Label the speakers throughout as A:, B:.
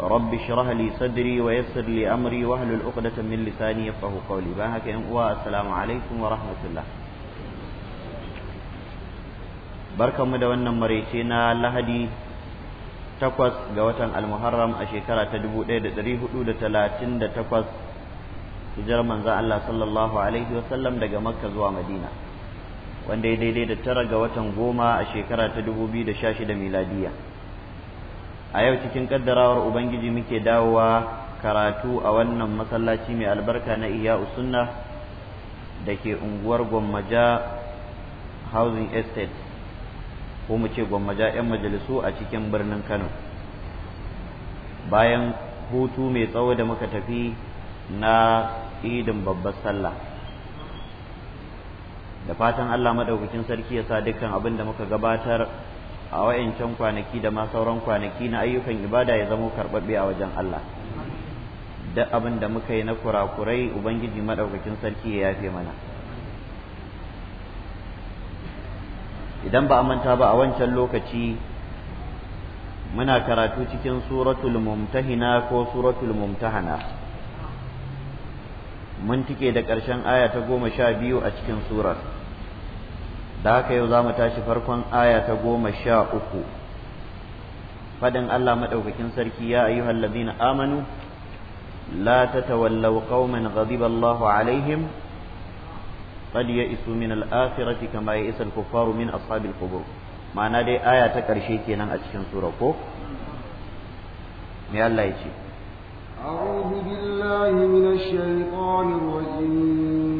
A: رب اشرح لي صدري ويسر لي امري واحلل عقدة من لساني يفقهوا قولي باهك ان السلام عليكم ورحمة الله barkan mu da wannan maraice na lahadi takwas ga watan almuharram a shekara ta dubu ɗaya da ɗari hudu da talatin da takwas hijar manzan Allah sallallahu alaihi wasallam daga makka zuwa madina wanda ya daidai da tara ga watan goma a shekara ta dubu biyu da sha shida miladiya a yau cikin kaddarawar ubangiji muke dawowa karatu a wannan masallaci mai albarka na iya sunna da ke unguwar gwammaja housing estate ko mu ce gwammaja 'yan majalisu a cikin birnin kano bayan hutu mai tsawo da muka tafi na idin babbar sallah da fatan allah maɗaukakin sarki ya sa dukkan abin da muka gabatar a wa'ancan kwanaki da ma sauran kwanaki na ayyukan ibada ya zamo karɓaɓɓe a wajen Allah duk abin da muka yi na kurakurai ubangiji maɗaukakin sarki ya yafe mana idan ba a manta ba a wancan lokaci muna karatu cikin suratul mumtahina ko suratul mumtahana mun tike da ƙarshen aya ta goma sha biyu a cikin surar da haka yau za mu tashi farkon aya ta goma sha uku fadin Allah maɗaukakin sarki ya ayyuhal ladina amanu la tatawallaw qauman ghadiba Allahu alaihim qad ya'isu min al-akhirati kama ya'isa al-kuffaru min ashabil qubur ma'ana dai aya ta ƙarshe kenan a cikin sura ko me Allah ya ce
B: أعوذ بالله من الشيطان الرجيم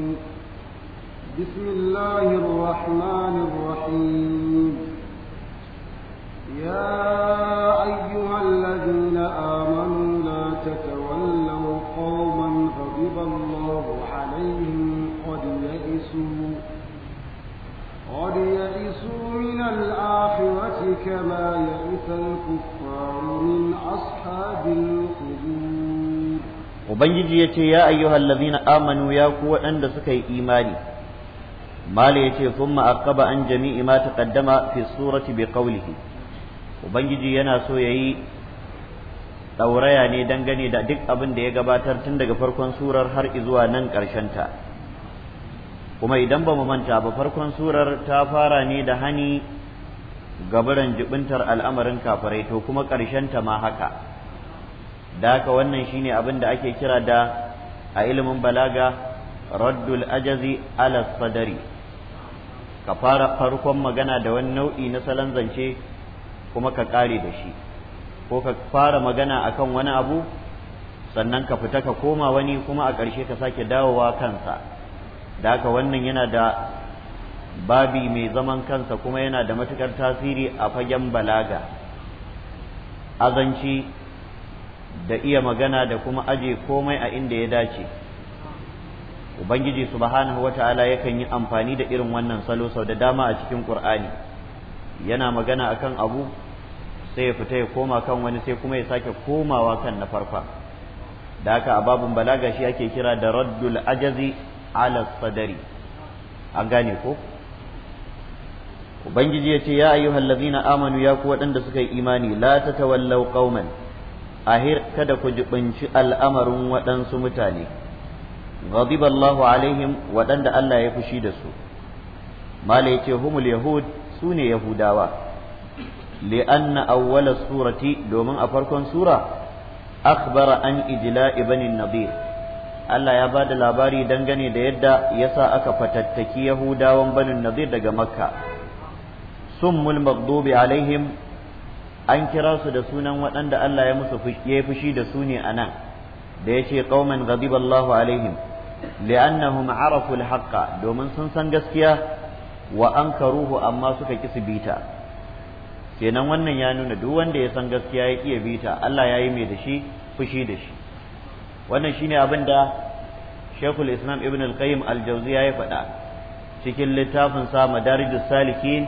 B: بسم الله الرحمن الرحيم يا أيها الذين آمنوا لا تتولوا قوما غضب الله عليهم قد يئسوا قد يئسوا من الآخرة كما يئس الكفار من أصحاب القبور
A: Ubangiji ya ce, Ya ayyuhallazina amanu ya ku waɗanda suka yi imani,
B: mala yace thumma aqaba an jami'i
A: ma kaddama fi surati bi qawlihi ubangiji yana so yayi ɗauraya ne dangane da duk abin da ya gabatar tun daga farkon surar har zuwa nan ta kuma idan ba mu manta ba farkon surar ta fara ne da hani gabaran jibintar al'amarin kafirai to kuma ta ma haka da haka wannan shine abin da ake kira da a ilimin balaga raddul ajazi ala sadari ka fara farkon magana da wani nau'i na salon zance kuma ka ƙare da shi ko ka fara magana a kan wani abu sannan ka fita ka koma wani kuma a ƙarshe ka sake dawowa kansa da haka wannan yana da babi mai zaman kansa kuma yana da matukar tasiri a fagen balaga azanci da iya magana da kuma aje komai a inda ya dace ubangiji subhanahu ta'ala yakan yi amfani da irin wannan salo sau da dama a cikin qur'ani yana magana akan abu sai ya fita ya koma kan wani sai kuma ya sake komawa kan na farfa da haka a babun balaga shi ake kira da raddul ajazi ala sadari an gane ko ubangiji ya ce ya ayyuhal ladzina amanu ya ku waɗanda suka yi imani la tatawallaw qauman ahir kada ku jibinci al'amarin waɗansu mutane ghadiba alaihim waɗanda Allah ya shi da su mala yace humul yahud su ne yahudawa li'anna awwala surati domin a farkon sura akhbara an ijla ibn nadir Allah ya ba da labari dangane da yadda yasa aka fatattaki yahudawan banin nadir daga makka summul maghdubi alaihim an kira su da sunan waɗanda Allah ya musu ya fushi da su ne a nan. da yace qauman ghadiba Allahu alaihim li'annahum arafu al domin sun san gaskiya wa ankaruhu amma suka ki su bita kenan wannan ya nuna duk wanda ya san gaskiya ya iya bita Allah ya yi mai da shi fushi da shi wannan shine abin da Sheikhul Islam Ibn al-Qayyim al-Jawziya ya faɗa cikin littafin sa Madarijus Salikin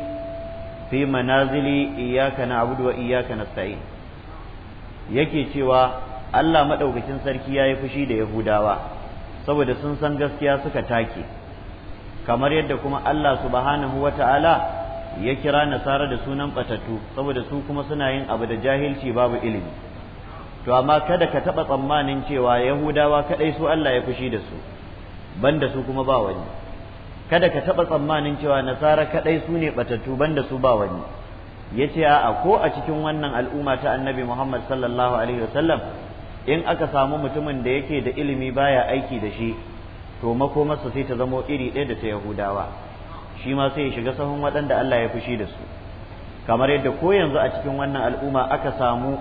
A: fi manazili iyyaka na'budu wa iyyaka nasta'in yake cewa Allah maɗaukacin sarki ya yi fushi da Yahudawa saboda sun san gaskiya suka take kamar yadda kuma Allah subhanahu wa ta'ala ya kira nasara da sunan batattu saboda su kuma suna yin abu da jahilci babu ilimi to amma kada ka taɓa tsammanin cewa yahudawa kaɗai su Allah ya fushi da su banda su kuma ba wani kada ka taɓa tsammanin cewa nasara kaɗai su ne batattu banda su ba wani ya ce a'a ko a cikin wannan al'umma ta annabi muhammad sallallahu alaihi wasallam in aka samu mutumin da yake da ilimi baya aiki da shi to makomarsa sai ta zamo iri ɗaya da ta yahudawa shi ma sai ya shiga sahun waɗanda Allah ya fushi da su kamar yadda ko yanzu a cikin wannan al'umma aka samu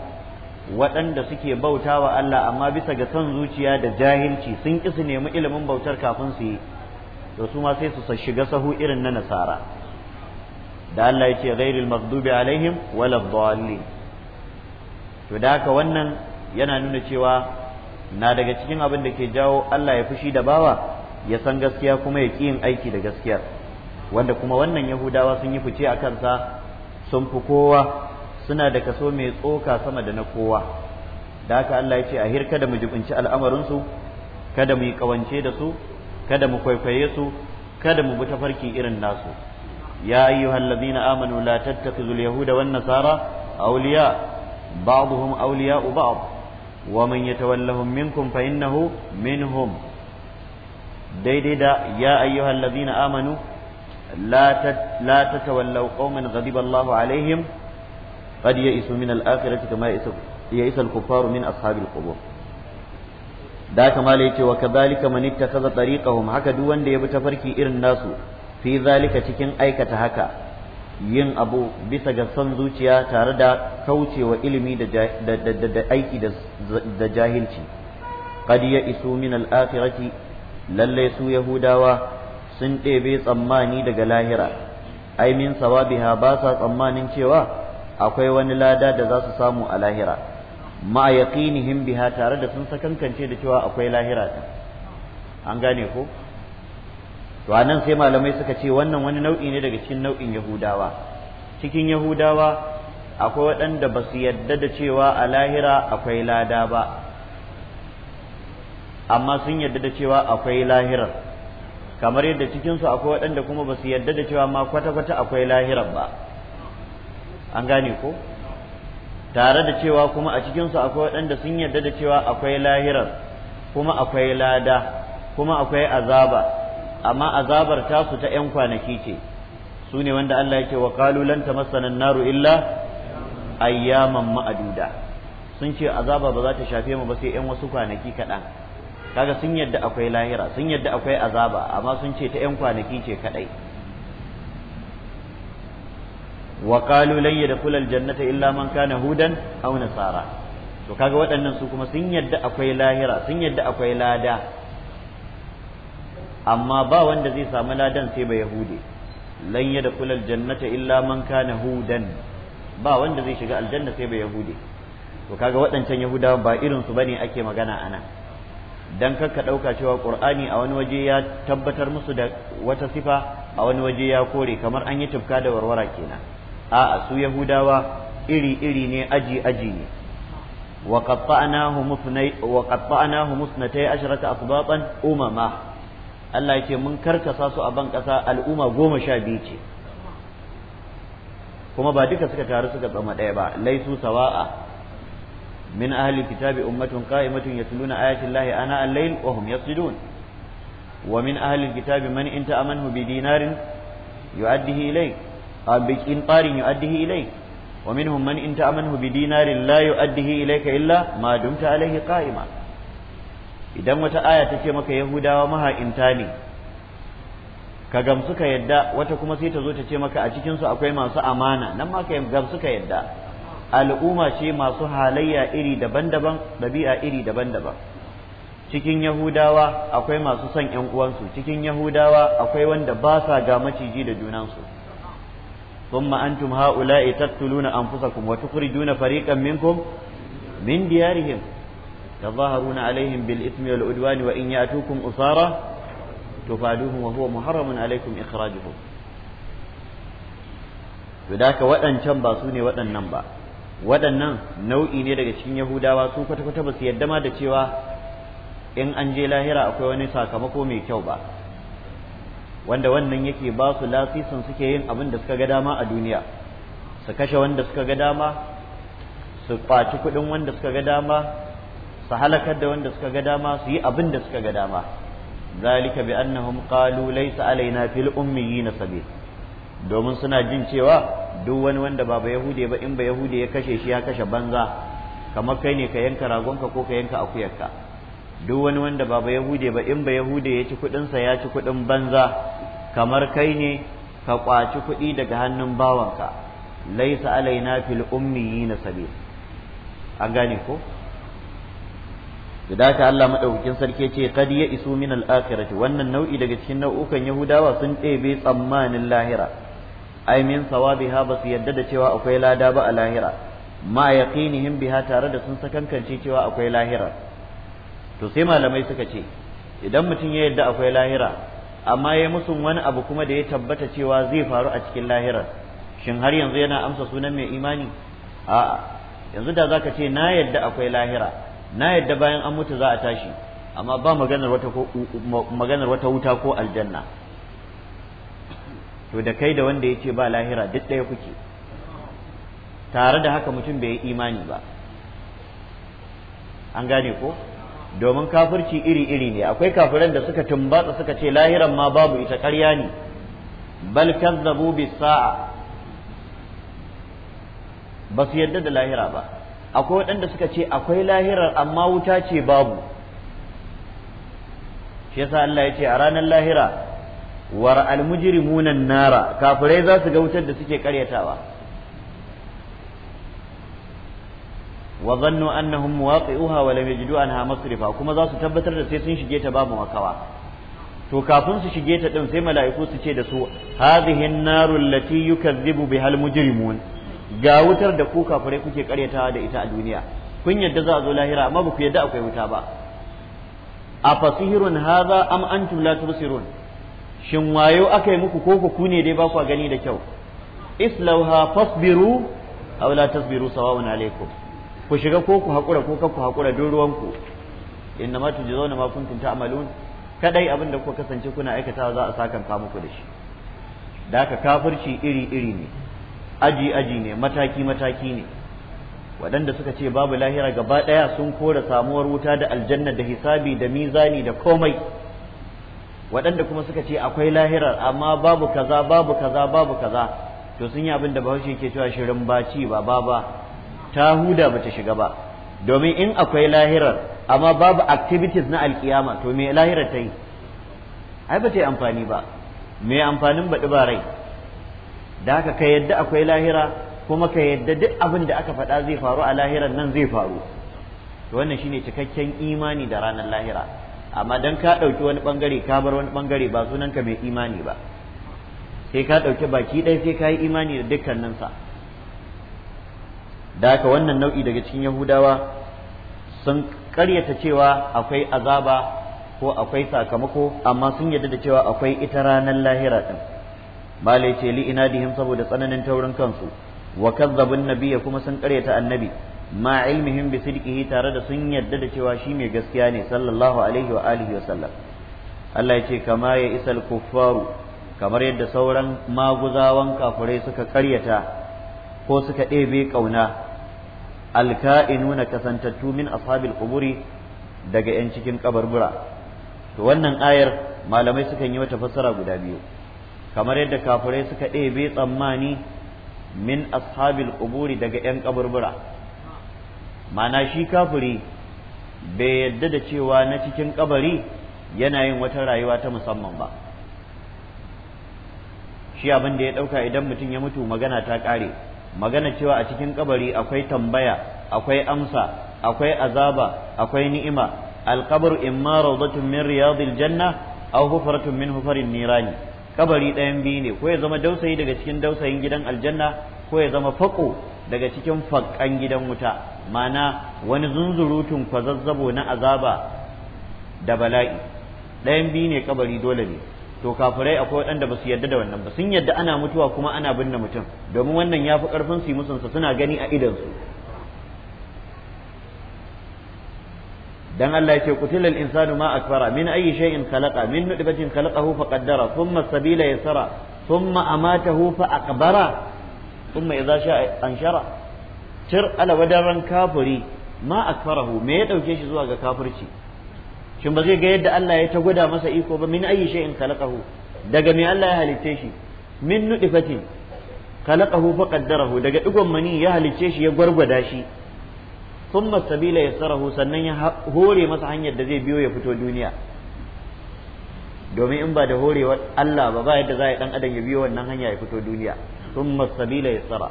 A: waɗanda suke bauta wa Allah amma bisa ga son zuciya da jahilci sun ƙi su nemi ilimin bautar kafin su yi to su ma sai su shiga sahu irin na nasara da Allah ya ce ghairil maghdubi alaihim wala dhalin to da haka wannan yana nuna cewa na daga cikin abin da ke jawo Allah ya fushi da bawa ya san gaskiya kuma ya yin aiki da gaskiyar wanda kuma wannan yahudawa sun yi fice a kansa sun fi kowa suna da kaso mai tsoka sama da na kowa da haka Allah ya ce a kada mu jibinci al'amarinsu kada mu yi kawance da su kada mu kwaikwaye su kada mu bi tafarki irin nasu ya ayyuhal ladina amanu la tattakhizul yahuda wan nasara awliya ba'dhum awliya'u ba'd ومن يتولهم منكم فإنه منهم ديدي دا يا أيها الذين آمنوا لا لا تتولوا قوما غضب الله عليهم قد يئسوا من الآخرة كما يئس الكفار من أصحاب القبور da kamala yace wa kadhalika man ittakhadha tariqahum haka duk wanda ya bi tafarki irin nasu fi zalika cikin aikata haka yin abu bisa ga son zuciya tare da kaucewa ilimi da aiki da jahilci qad ya isu min al-akhirati lalle su yahudawa sun ɗebe tsammani daga lahira ai min sawabiha ba sa tsammanin cewa akwai wani lada da za su samu a lahira ma yaqinihim biha tare da sun sakankance da cewa akwai lahira an gane ko to nan sai malamai suka ce wannan wani nau'i ne daga cikin nau'in yahudawa cikin yahudawa akwai waɗanda ba su yadda da cewa a lahira akwai lada ba amma sun yadda da cewa akwai lahirar kamar yadda cikinsu akwai waɗanda kuma ba su yadda da cewa ma kwata-kwata akwai lahirar ba an gane ko tare da cewa kuma a cikinsu akwai waɗanda sun yadda da cewa akwai lahirar kuma akwai lada kuma akwai azaba amma azabar tasu ta ‘yan kwanaki ce su ne wanda Allah yake wa kalulan ta masanan naru illa ayyaman ma'aduda sun ce azaba ba za ta shafe mu ba sai ‘yan wasu kwanaki kaɗan kaga sun yadda akwai lahira sun yadda akwai azaba amma sun ce ta ‘yan kwanaki ce kaɗai wa kalu lan yadkhulal jannata illa man kana hudan aw nasara to kaga waɗannan su kuma sun yadda akwai lahira sun yadda akwai lada amma ba wanda zai samu ladan sai ba yahude lan kulal jannata illa man kana hudan ba wanda zai shiga aljanna sai ba yahude to kaga waɗancan yahudawa ba irin su bane ake magana anan dan ka ɗauka cewa qur'ani a wani waje ya tabbatar musu da wata sifa a wani waje ya kore kamar an yi tufka da warwara kenan a'a su yahudawa iri iri ne aji aji ne وقطعناه مثني وقطعناه مثنتي عشرة أسباطا أمما Allah ya ce mun karkasa su a ban ƙasa al'umma goma sha biyu ce kuma ba duka suka taru suka tsama ɗaya ba laisu sawa'a min ahli kitabi ummatun qa'imatun yatluna ayati llahi ana al-layl wa hum yasjudun wa min ahli kitabi man in ta'amanhu bi dinarin yu'addihi ilayk bi qintarin yu'addihi ilayk wa minhum man in ta'amanhu bi dinarin la yu'addihi ilayka illa ma dumta alayhi qa'ima idan wata aya ta ce maka yahudawa maha'inta ne ka gamsu ka yadda wata kuma sai ta zo ta ce maka a cikinsu akwai masu amana nan ma ka gamsu ka yadda al'umma ce masu halayya iri daban-daban ɗabi'a iri daban-daban cikin yahudawa akwai masu son ‘yan uwansu cikin yahudawa akwai wanda ba sa ga maciji da junansu ثم أنتم هؤلاء تقتلون أنفسكم وتخرجون فريقا منكم من ديارهم da يظاهرون عليهم بالإثم والعدوان وإن يأتوكم أسارى تفادوهم وهو محرم عليكم إخراجهم ذاك وأن waɗancan سوني وأن ننبا waɗannan nau'i ne daga cikin yahudawa su kwata-kwata ba su yadda ma da cewa in an je lahira akwai wani sakamako mai kyau ba wanda wannan yake ba su lasisin suke yin abun da suka ga dama a duniya su kashe wanda suka ga dama su kwaci kuɗin wanda suka ga dama su halakar da wanda suka ga dama su yi abin da suka ga dama zalika bi annahum qalu laysa alaina fil ummiyina sabil domin suna jin cewa duk wani wanda ba ba yahude ba in ba yahude ya kashe shi ya kashe banza kamar kai ne ka yanka ragonka ko ka yanka akuyarka duk wani wanda ba ba yahude ba in ba yahude ya ci kudin sa ya ci kudin banza kamar kai ne ka kwaci kuɗi daga hannun bawanka laysa alaina fil ummiyina sabil an gane ko da haka Allah madaukakin sarki ce kad ya isu min al wannan nau'i daga cikin nau'ukan yahudawa sun ɗebe tsammanin lahira ai min sawabiha ba su yadda da cewa akwai lada ba a lahira ma yaqinihim biha tare da sun sakankance cewa akwai lahira to sai malamai suka ce idan mutum ya yadda akwai lahira amma ya musu wani abu kuma da ya tabbata cewa zai faru a cikin lahirar shin har yanzu yana amsa sunan mai imani A'a, yanzu da zaka ce na yadda akwai lahira na yadda bayan an mutu za a tashi amma ba maganar wata wuta ko aljanna to da kai da wanda yace ba lahira duk ɗaya kuke tare da haka mutum bai yi imani ba an gane ko domin kafirci iri-iri ne akwai kafiran da suka tumbatsa suka ce lahiran ma babu ita ƙarya ne bal kazzabu bis sa'a ba su yarda da lahira ba akwai waɗanda suka ce akwai lahirar amma wuta ce babu shi yasa Allah ya ce a ranar lahira war almujrimuna nara kafirai za su ga wutar da suke karyatawa wa zannu annahum muwaqi'uha wa lam yajidu anha masrifa kuma za su tabbatar da sai sun shige ta babu makawa to kafin su shige ta din sai mala'iku su ce da su hadhihi an-naru allati yukazzibu bihal mujrimun ga wutar da ku kafirai kuke karyatawa da ita a duniya kun yadda za a zo lahira amma ba ku yadda akwai wuta ba a fasihirun haza am antum la shin wayo aka yi muku koko ku ne dai ba ku gani da kyau islauha fasbiru aw la tasbiru sawa'un alaikum ku shiga ko ku hakura ko ku hakura don ruwanku inna ma tujzauna ma kuntum ta'malun kadai abin da kuka kasance kuna aikatawa za a sakan muku da shi da haka kafirci iri iri ne aji aji ne mataki mataki ne waɗanda suka ce babu lahira gaba ɗaya sun kora samuwar wuta da aljanna da hisabi da mizani da komai waɗanda kuma suka ce akwai lahirar amma babu kaza babu kaza babu kaza to sun yi abin da bahaushe ke cewa shirin baci ba ba ba ta huda ba ta shiga ba domin in akwai lahirar amma babu activities na alkiyama to me lahirar ta yi ai ba ta yi amfani ba me amfanin baɗi ba rai da haka ka yadda akwai lahira kuma ka yadda duk abin da aka faɗa zai faru a lahiran nan zai faru wannan shine cikakken imani da ranar lahira amma dan ka ɗauki wani ɓangare ka bar wani ɓangare ba sunan ka mai imani ba sai ka ɗauki baki ɗaya sai ka yi imani da dukkaninsa da haka wannan nau'i daga cikin yahudawa sun ƙaryata cewa akwai azaba ko akwai sakamako amma sun yarda da cewa akwai ita ranar lahira ɗin malai ce li inadihim saboda tsananin taurin kansu wa kazzabun nabiyya kuma sun karyata annabi ma ilmihim bi sidqihi tare da sun yadda da cewa shi mai gaskiya ne sallallahu alaihi wa alihi wa sallam Allah ya ce kama ya isal kuffaru kamar yadda sauran maguzawan kafirai suka karyata ko suka ɗebe kauna alka'inuna kasantattu min ashabil quburi daga 'yan cikin kabarbura to wannan ayar malamai sukan yi wata fassara guda biyu kamar yadda kafirai suka ɗebe tsammani min ashabil quburi daga 'yan kaburbura mana shi kafiri bai yadda da cewa na cikin ƙabari yana yin wata rayuwa ta musamman ba shi abin da ya ɗauka idan mutum ya mutu magana ta ƙare magana cewa a cikin ƙabari akwai tambaya akwai amsa akwai azaba akwai ni'ima alqabr imma rawdatun min riyadil janna aw hufratun min hufarin nirani kabari ɗayan biyu ne ko ya zama dausayi daga cikin dausayin gidan aljanna ko ya zama faƙo daga cikin faƙan gidan wuta mana wani zunzurutun kwazazzabo na azaba da bala'i ɗayan biyu ne kabari dole ne to kafirai akwai waɗanda ba su yarda da wannan ba sun yarda ana mutuwa kuma ana binne mutum domin wannan ya fi ƙarfin su musunsa suna gani a idonsu. dan Allah ya ce qutilal insanu ma akfara min ayi shay'in khalaqa min nutfatin khalaqahu faqaddara thumma sabila yasara thumma amatahu fa aqbara thumma idza sha'a anshara tir ala wadaran kafiri ma akfarahu me ya dauke shi zuwa ga kafirci shin ba zai ga yadda Allah ya ta gwada masa iko ba min ayi shay'in khalaqahu daga me Allah ya halitte shi min nutfatin khalaqahu faqaddarahu daga digon mani ya halicce shi ya gwargwada shi thumma sabila yassarahu sannan ya hore masa hanyar da zai biyo ya fito duniya domin in ba da horewar Allah ba ba yadda za a dan adam ya biyo wannan hanya ya fito duniya thumma sabila yassara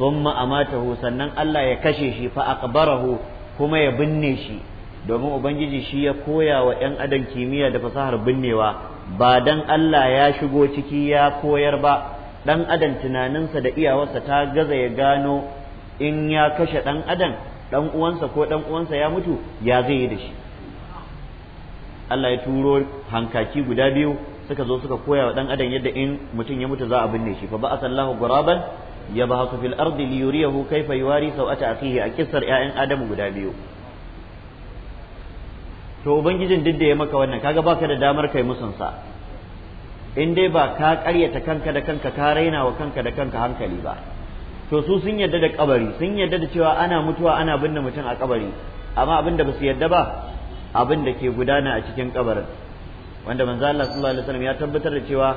A: thumma amatahu sannan Allah ya kashe shi fa aqbarahu kuma ya binne shi domin ubangiji shi ya koya wa yan adam kimiyya da fasahar binnewa ba dan Allah ya shigo ciki ya koyar ba dan adam tunaninsa da iyawarsa ta gaza ya gano in ya kashe dan adam dan uwansa ko dan uwansa ya mutu ya zai yi da shi Allah ya turo hankaki guda biyu suka zo suka koya wa dan adam yadda in mutum ya mutu za a binne shi fa ba'atha Allahu guraban yabhasu fil ardi liyuriyahu kayfa yuwari sawata akhihi a kissar ƴaƴan Adam guda biyu to ubangijin duk da ya maka wannan kaga baka da damar kai musunsa in dai ba ka karyata kanka da kanka ka raina wa kanka da kanka hankali ba to su sun yarda da kabari sun yarda da cewa ana mutuwa ana binne mutum a kabari amma abin da ba su yarda ba abin da ke gudana a cikin kabarin wanda manzo Allah sallallahu alaihi wasallam ya tabbatar da cewa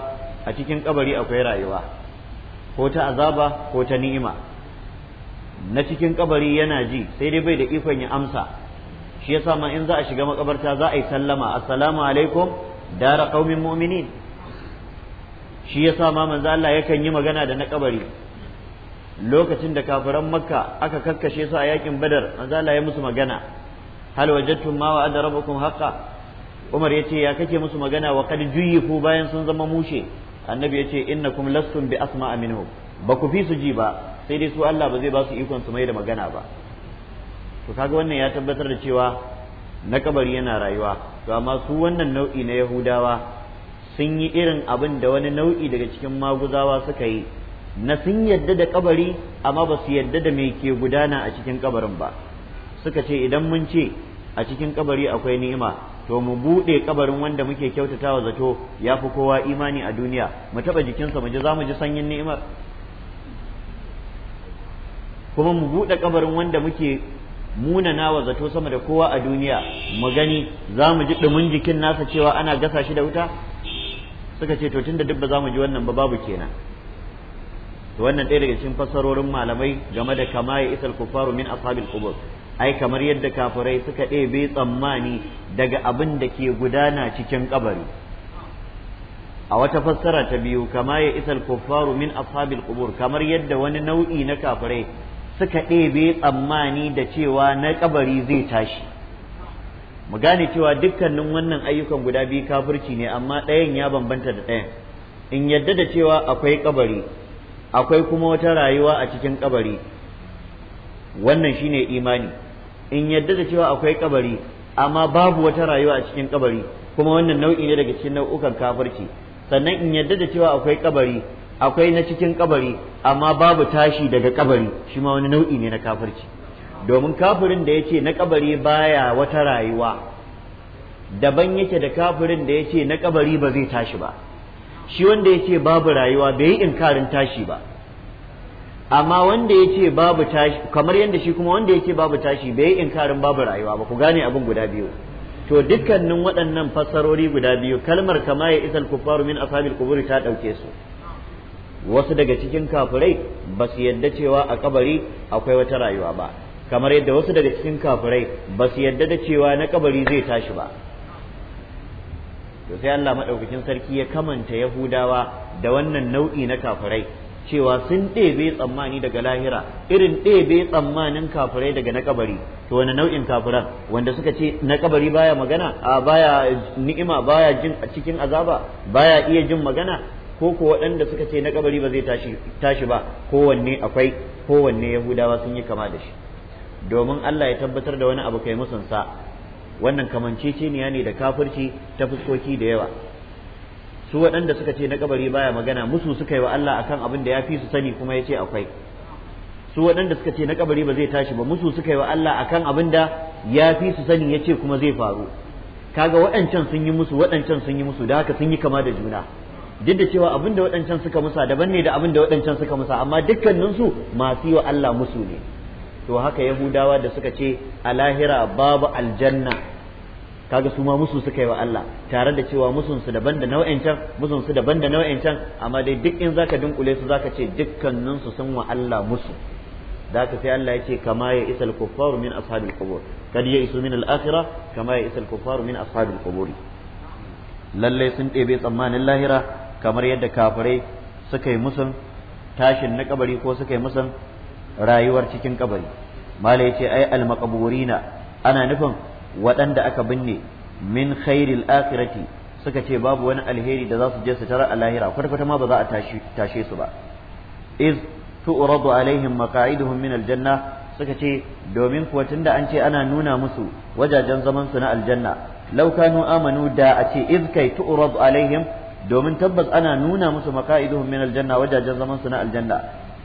A: a cikin kabari akwai rayuwa ko ta azaba ko ta ni'ima na cikin kabari yana ji sai dai bai da ikon ya amsa shi yasa ma in za a shiga makabarta za a yi sallama assalamu alaikum dara qaumin mu'minin shi yasa ma manzo Allah yakan yi magana da na kabari lokacin da kafiran makka aka kakkashe su a yakin badar manzo ya musu magana hal wajadtum ma wa'ada rabbukum haqqan Umar yace ya kake musu magana wa kad juyifu bayan sun zama mushe annabi yace ce innakum lastum bi asma'a minhu ba ku fi su ji ba sai dai su Allah ba zai ba su ikon su mai da magana ba to kaga wannan ya tabbatar da cewa na kabari yana rayuwa to amma su wannan nau'i na Yahudawa sun yi irin abin da wani nau'i daga cikin maguzawa suka yi na sun yadda da kabari amma ba su yadda da mai ke gudana a cikin kabarin ba suka ce idan mun ce a cikin kabari akwai ni'ima to mu buɗe kabarin wanda muke kyautatawa zato ya fi kowa imani a duniya mu taɓa jikinsa mu ji za mu ji sanyin ni'imar kuma mu buɗe kabarin wanda muke munana wa zato sama da kowa a duniya mu gani za mu ji ɗumin jikin nasa cewa ana gasa shi da wuta suka ce to tunda duk ba za mu ji wannan ba babu kenan wannan ɗaya daga cikin fasarorin malamai game da kama ya isal kufaru min ashabil qubur ai kamar yadda kafirai suka ɗebe tsammani daga abin da ke gudana cikin kabari a wata fassara ta biyu kama ya isal kufaru min ashabil qubur kamar yadda wani nau'i na kafirai suka ɗebe tsammani da cewa na kabari zai tashi mu gane cewa dukkanin wannan ayyukan guda biyu kafirci ne amma ɗayan ya bambanta da ɗayan in yadda da cewa akwai kabari akwai kuma wata rayuwa a cikin kabari wannan shine imani in yadda da cewa akwai kabari amma babu wata rayuwa a cikin kabari kuma wannan nau'i ne daga cikin nau'ukan kafirci sannan in yadda da cewa akwai kabari akwai na cikin kabari amma babu tashi daga kabari shi ma wani nau'i ne na kafirci domin kafirin da yace na kabari baya wata rayuwa daban yake da kafirin da yace na kabari ba zai tashi ba shi wanda ya ce babu rayuwa bai yi inkarin tashi ba amma wanda ya ce babu tashi kamar yadda shi kuma wanda ya ce babu tashi bai yi inkarin babu rayuwa ba ku gane abin guda biyu to dukkanin waɗannan fassarori guda biyu kalmar kama ya isa kuffaru min ashabil kuburi ta ɗauke su wasu daga cikin kafirai ba su yadda cewa a kabari akwai wata rayuwa ba kamar yadda wasu daga cikin kafirai ba su yadda da cewa na kabari zai tashi ba to sai Allah madaukakin sarki ya kamanta Yahudawa da wannan nau'i na kafirai cewa sun ɗebe tsammani daga lahira irin ɗebe tsammanin kafirai daga na kabari to wani nau'in kafiran wanda suka ce na kabari baya magana a baya ni'ima baya jin a cikin azaba baya iya jin magana ko ko waɗanda suka ce na kabari ba zai tashi tashi ba kowanne akwai kowanne yahudawa sun yi kama da shi domin Allah ya tabbatar da wani abu kai musun sa wannan kamanceceniya ne da kafirci ta fuskoki da yawa su waɗanda suka ce na kabari baya magana musu suka yi wa Allah akan abin da ya fi su sani kuma ya ce akwai su waɗanda suka ce na kabari ba zai tashi ba musu suka yi wa Allah akan abin da ya fi su sani ya ce kuma zai faru kaga waɗancan sun yi musu waɗancan sun yi musu da haka sun yi kama da juna duk da cewa abin da waɗancan suka musa daban ne da abin da waɗancan suka musa amma dukkaninsu masu yi wa Allah musu ne to haka yahudawa da suka ce a lahira babu aljanna kaga su ma musu suka yi wa Allah tare da cewa musun su daban da nau'in can musun su daban da nau'in can amma dai duk in zaka dunkule su zaka ce dukkanin su sun wa Allah musu zaka sai Allah yace kama ya isal kuffaru min ashabil qubur kad ya isu min al akhirah kama ya isal kuffaru min ashabil qubur lalle sun ɗebe tsammanin lahira kamar yadda kafirai suka yi musun tashin na kabari ko suka yi musun rayuwar cikin kabari mala ce ai al ana nufin waɗanda aka binne min khairil akhirati suka ce babu wani alheri da za su je su tara a lahira kwata kwata ma ba za a tashe su ba iz tu'radu alaihim maqa'iduhum min aljanna suka ce domin kuwa tunda an ce ana nuna musu wajajen zaman su na aljanna law kanu amanu da a ce iz kai tu'radu alaihim domin tabbas ana nuna musu maqa'iduhum min aljanna wajajen zaman su na aljanna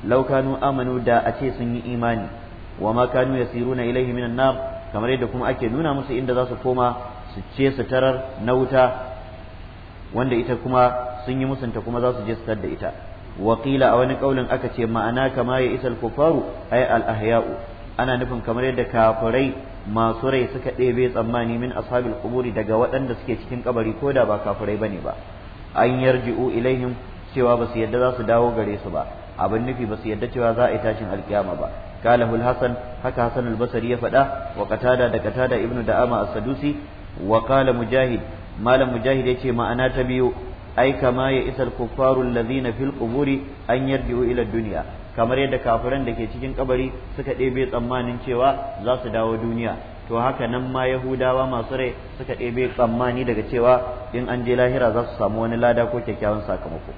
A: law kanu amanu da a ce sun yi imani wa ma kanu yasiruna ilaihi minan nar kamar yadda kuma ake nuna musu inda za su koma su ce su tarar na wuta wanda ita kuma sun yi musunta kuma za su je su da ita wakila a wani kaulin aka ce ma'ana kama ya isal kufaru ay al ahya'u ana nufin kamar yadda kafirai masu rai suka ɗebe tsammani min ashabil kuburi daga waɗanda suke cikin kabari ko da ba kafirai bane ba an yarji'u ilaihim cewa ba su yadda za su dawo gare su ba abin nufi ba su yadda cewa za a yi tashin alkiyama ba kala hul hasan haka hasan albasari ya faɗa wa katada da katada ibnu da'ama as-sadusi wa qala mujahid malam mujahid ce ma'ana ta biyu ai kama ya isa kuffaru lazina fil quburi an yarji'u ila dunya kamar yadda kafiran da ke cikin kabari suka ɗebe tsammanin cewa za su dawo duniya to haka nan ma yahudawa masu rai suka ɗebe tsammani daga cewa in an je lahira za su samu wani lada ko kyakkyawan sakamako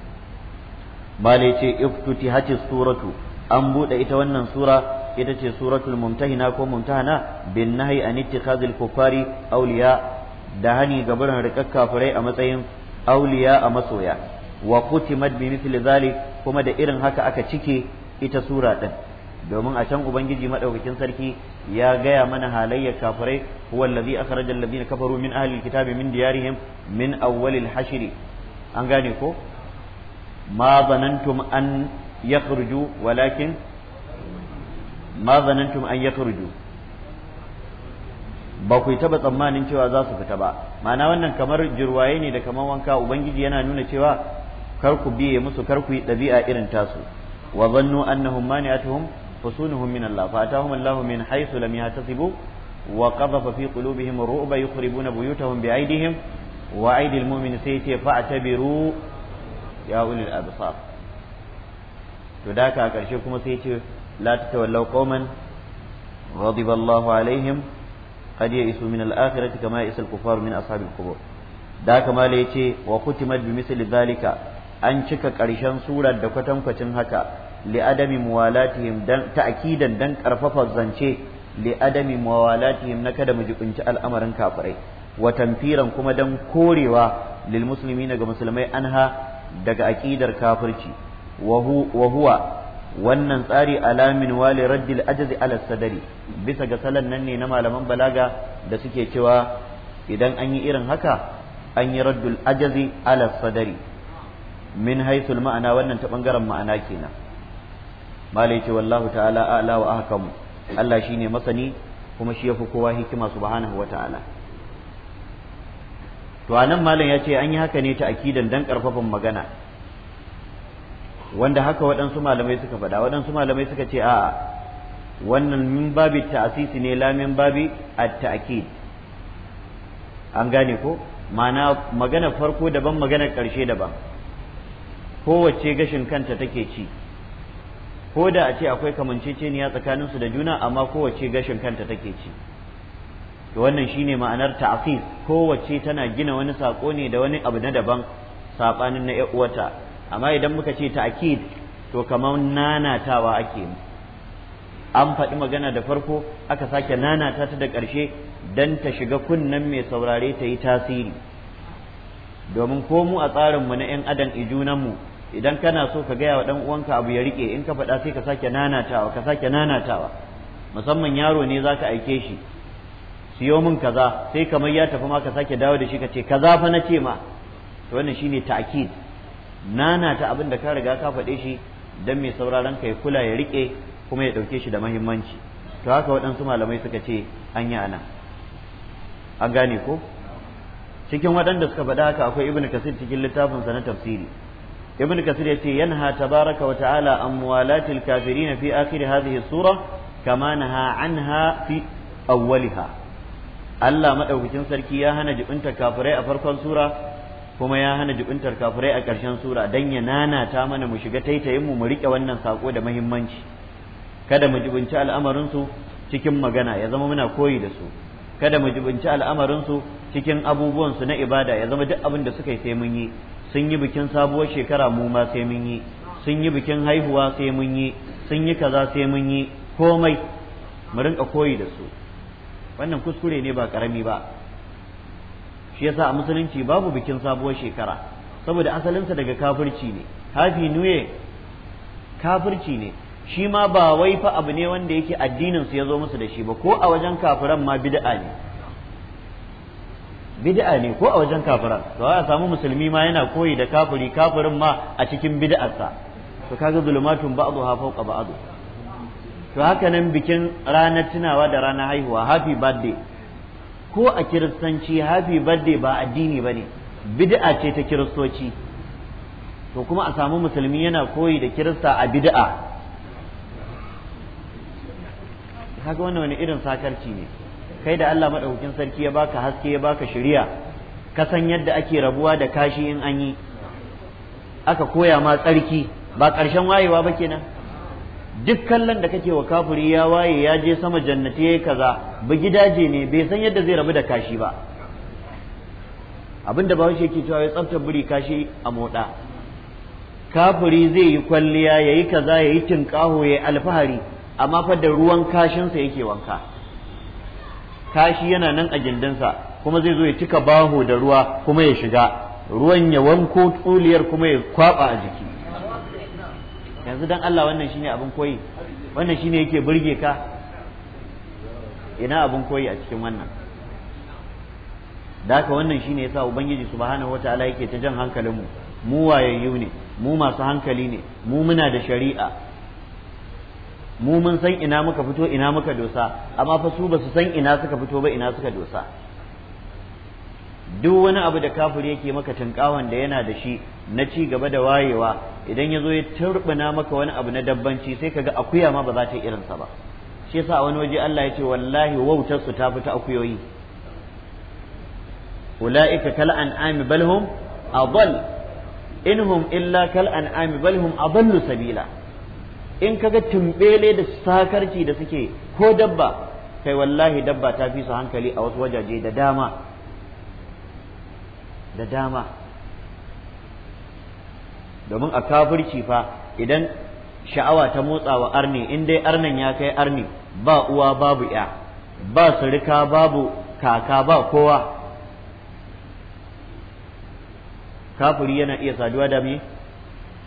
A: bale ce iftutihati suratu an bude ita wannan sura ita ce suratul mumtahina ko mumtahana bin nahyi an ittikhazil kuffari awliya da hani ga barin rikar kafirai a matsayin awliya a masoya wa kutimat bi mithli zalik kuma da irin haka aka cike ita sura din domin a can ubangiji madaukakin sarki ya gaya mana halayyar kafirai huwa allazi akhrajal ladina kafaru min ahli alkitabi min diyarihim min awwalil hashri an gane ko ma zanantum an yakhruju walakin ma zanantum an yakhruju ba ku taba tsammanin cewa za su fita ba ma'ana wannan kamar jirwaye ne da kamar wanka ubangiji yana nuna cewa kar ku biye musu kar ku yi ɗabi'a irin tasu wa zannu annahum mani'atuhum fusunuhum min Allah fa atahum Allah min haythu lam yahtasibu wa qadhafa fi qulubihim ar-ru'ba yukhribuna buyutahum bi aydihim wa aydil mu'min sayati fa'tabiru ya ulil absar to da ka karshe kuma sai ce la tatawallaw qauman ghadiba alaihim qad ya'isu min al-akhirati kama ya'isa al kufar min ashabil qubur da haka mala yace wa khutimat bi misli zalika an cika karshen surar da kwatankwacin haka li adami muwalatihim dan ta'kidan dan karfafa zance li adami muwalatihim na kada mu jibinci al'amarin kafirai wa tamfiran kuma dan korewa lil muslimina ga musulmai anha daga aƙidar kafirci wa huwa wannan tsari alamin wali raddil ajazi ala sadari bisa ga salon nan ne na malaman balaga da suke cewa idan an yi irin haka an yi raddul ajazi ala sadari min haisul ma'ana wannan ta bangaren ma'ana kenan malai ce wallahu ta'ala a'la wa ahkamu Allah shine masani kuma shi yafi kowa hikima subhanahu wa ta'ala to anan malam ya ce an yi haka ne ta akidan dan karfafan magana wanda haka waɗansu malamai suka faɗa waɗansu malamai suka ce a wannan min babi ta'asisi ne la min babi at-ta'kid an gane ko ma'ana magana farko daban magana ƙarshe daban kowace gashin kanta take ci ko da a ce akwai kamanceceniya tsakaninsu da juna amma kowace gashin kanta take ci to wannan shine ma'anar ta'fif kowace tana gina wani sako ne da wani abu na daban sabanin na uwata amma idan muka ce ta'kid to kamar nanatawa ake an faɗi magana da farko aka sake nanata ta da ƙarshe don ta shiga kunnen mai saurare ta yi tasiri domin ko mu a tsarinmu na 'yan adam ijunanmu idan kana so ka gaya wa ɗan uwanka abu ya rike in ka faɗa sai ka sake nanatawa ka sake nanatawa musamman yaro ne za ka aike shi siyo min kaza sai kamar ya tafi ma ka sake dawo da shi ka ce kaza fa na ce ma to wannan shine ta'kid nana ta abin da ka riga ka faɗe shi dan mai sauraron ka ya kula ya rike kuma ya ɗauke shi da mahimmanci to haka waɗansu malamai suka ce an yi ana an gane ko cikin waɗanda suka faɗa haka akwai ibnu kasir cikin littafinsa na tafsiri ibn kasir yace yanha tabaraka wa ta'ala an muwalatil kafirin fi akhir hadhihi sura kama naha anha fi awwaliha Allah madaukakin sarki ya hana jibintar kafirai a farkon sura kuma ya hana jibintar kafirai a ƙarshen sura dan ya nanata mana mu shiga taitayin mu mu rike wannan sako da muhimmanci kada mu jibinci al'amarin su cikin magana ya zama muna koyi da su kada mu jibinci al'amarin su cikin abubuwan su na ibada ya zama duk abin da suka yi sai mun yi sun yi bikin sabuwar shekara mu ma sai mun yi sun yi bikin haihuwa sai mun yi sun yi kaza sai mun yi komai mu rinka koyi da su wannan kuskure ne ba karami ba shi yasa a musulunci babu bikin sabuwar shekara saboda asalinsa daga kafirci ne hafi nuye kafirci ne shi ma ba wai fa abu ne wanda yake addinin su ya zo musu da shi ba ko a wajen kafiran ma bid'a ne bid'a ne ko a wajen kafiran to a samu musulmi ma yana koyi da kafiri kafirin ma a cikin bid'arsa to kaga zulumatun ba'dha fawqa ba'azu. to haka nan bikin ranar tunawa da ranar haihuwa happy birthday ko a kiristanci happy birthday ba addini ba ne bid'a ce ta kiristoci to kuma a samu musulmi yana koyi da kirista a bid'a haka wannan wani irin sakarci ne kai da Allah madaukakin sarki ya baka haske ya baka shiriya ka san yadda ake rabuwa da kashi in an yi aka koya ma tsarki ba ƙarshen wayewa ba kenan duk kallon da kake wa kafiri ya waye ya je sama jannati yayi kaza bi gidaje ne bai san yadda zai rabu da kashi ba abinda bahaushe yake cewa ya tsafta buri kashi a moda kafiri zai yi kwalliya yayi kaza yayi tinkaho yayi alfahari amma fa da ruwan kashinsa yake wanka kashi yana nan a gindinsa kuma zai zo ya cika baho da ruwa kuma ya shiga ruwan ya wanko tsuliyar kuma ya kwaba a jiki yanzu dan Allah wannan shine abin koyi wannan shine yake burge ka ina abin koyi a cikin wannan da haka wannan shine yasa ubangiji subhanahu wataala yake ta jan hankalinmu mu wayayyu ne mu masu hankali ne mu muna da shari'a mu mun san ina muka fito ina muka dosa amma fa su ba su san ina suka fito ba ina suka dosa duk wani abu da kafir yake maka tunkawan da yana da shi na ci gaba da wayewa idan ya zo ya turbina maka wani abu na dabbanci sai kaga akuya ma ba za ta yi irinsa ba shi yasa a wani waje Allah ya ce wallahi wautar su ta fita akuyoyi ulaika kal an'ami bal hum adall inhum illa kal an'ami bal hum adallu sabila in kaga tumbele da sakarci da suke ko dabba kai wallahi dabba ta fi su hankali a wasu wajaje da dama da dama domin a kafirci fa idan sha'awa ta motsawa arni in dai arnan ya kai arni ba uwa babu ya ba surika babu kaka ba kowa kafiri yana iya saduwa da mai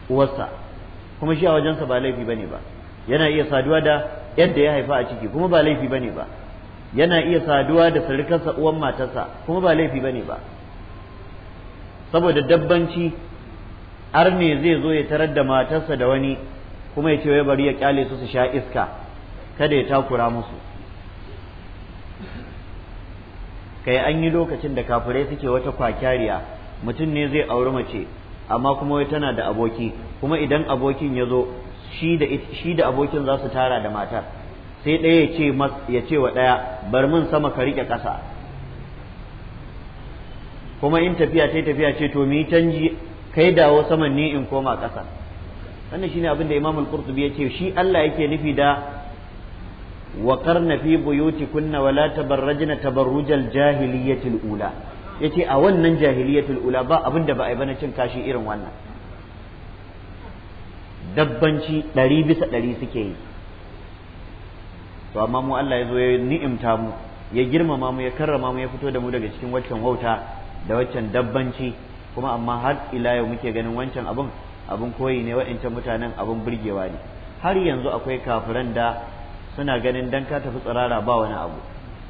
A: uwarsa kuma shi a wajensa ba laifi bane ba yana iya saduwa da yadda ya haifa a ciki kuma ba laifi bane ba yana iya saduwa da surikarsa uwan matarsa kuma ba laifi bane ba saboda dabbanci har ne zai zo ya tarar da matarsa da wani kuma ya ce wai bari ya kyale su su sha iska kada ya takura musu kai an yi lokacin da kafirai suke wata kwakyariya mutum ne zai auri mace amma kuma wai tana da aboki kuma idan abokin ya zo shi da abokin za su tara da matar sai ɗaya ya ce wa ɗaya bar min sama ka riƙe ƙasa kuma in tafiya ta tafiya ce to mi canji kai dawo saman ni in koma ƙasa wannan shine abin da imamul Al-Qurtubi ya ce shi Allah yake nufi da wa qarna fi buyutikunna wa la tabarrajna tabarrujal jahiliyyatil ula yace a wannan jahiliyyatul ula ba abin da ba a yi bana cin kashi irin wannan dabbanci ɗari bisa ɗari suke yi to amma mu Allah ya zo ya ni'imta mu ya girmama mu ya karrama mu ya fito da mu daga cikin waccan wauta da waccan dabbanci kuma amma har ila yau muke ganin wancan abun abun koyi ne wa'ancan mutanen abun burgewa ne har yanzu akwai kafiran da suna ganin dan ka tafi tsirara ba wani abu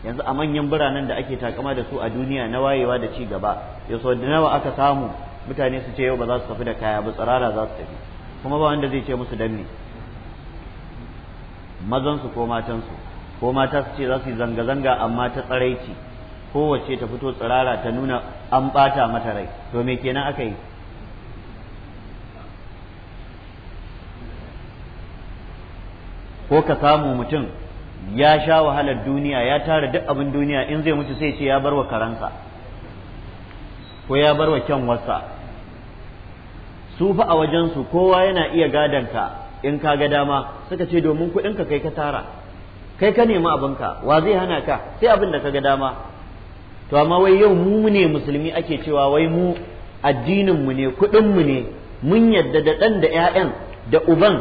A: yanzu a manyan biranen da ake takama da su a duniya na wayewa da ci gaba ya so da nawa aka samu mutane su ce yau ba za su tafi da kaya ba tsirara za su tafi kuma ba wanda zai ce musu danne mazansu ko matansu ko mata su ce za su yi zanga-zanga amma ta tsaraici kowace ta fito tsirara ta nuna an ɓata mata rai to me kenan aka yi ko ka samu mutum ya sha wahalar duniya ya tara duk abin duniya in zai mutu sai ce ya bar wa karansa ko ya bar wa wasa su fa a wajensu kowa yana iya ka in ka ga dama suka ce domin kuɗinka kai ka tara kai ka nemi abinka wa zai hana ka sai abin da ka ga dama to amma wai yau mu ne musulmi ake cewa wai mu addinin mu ne kudin mu ne mun yadda da ɗan da ƴaƴan da uban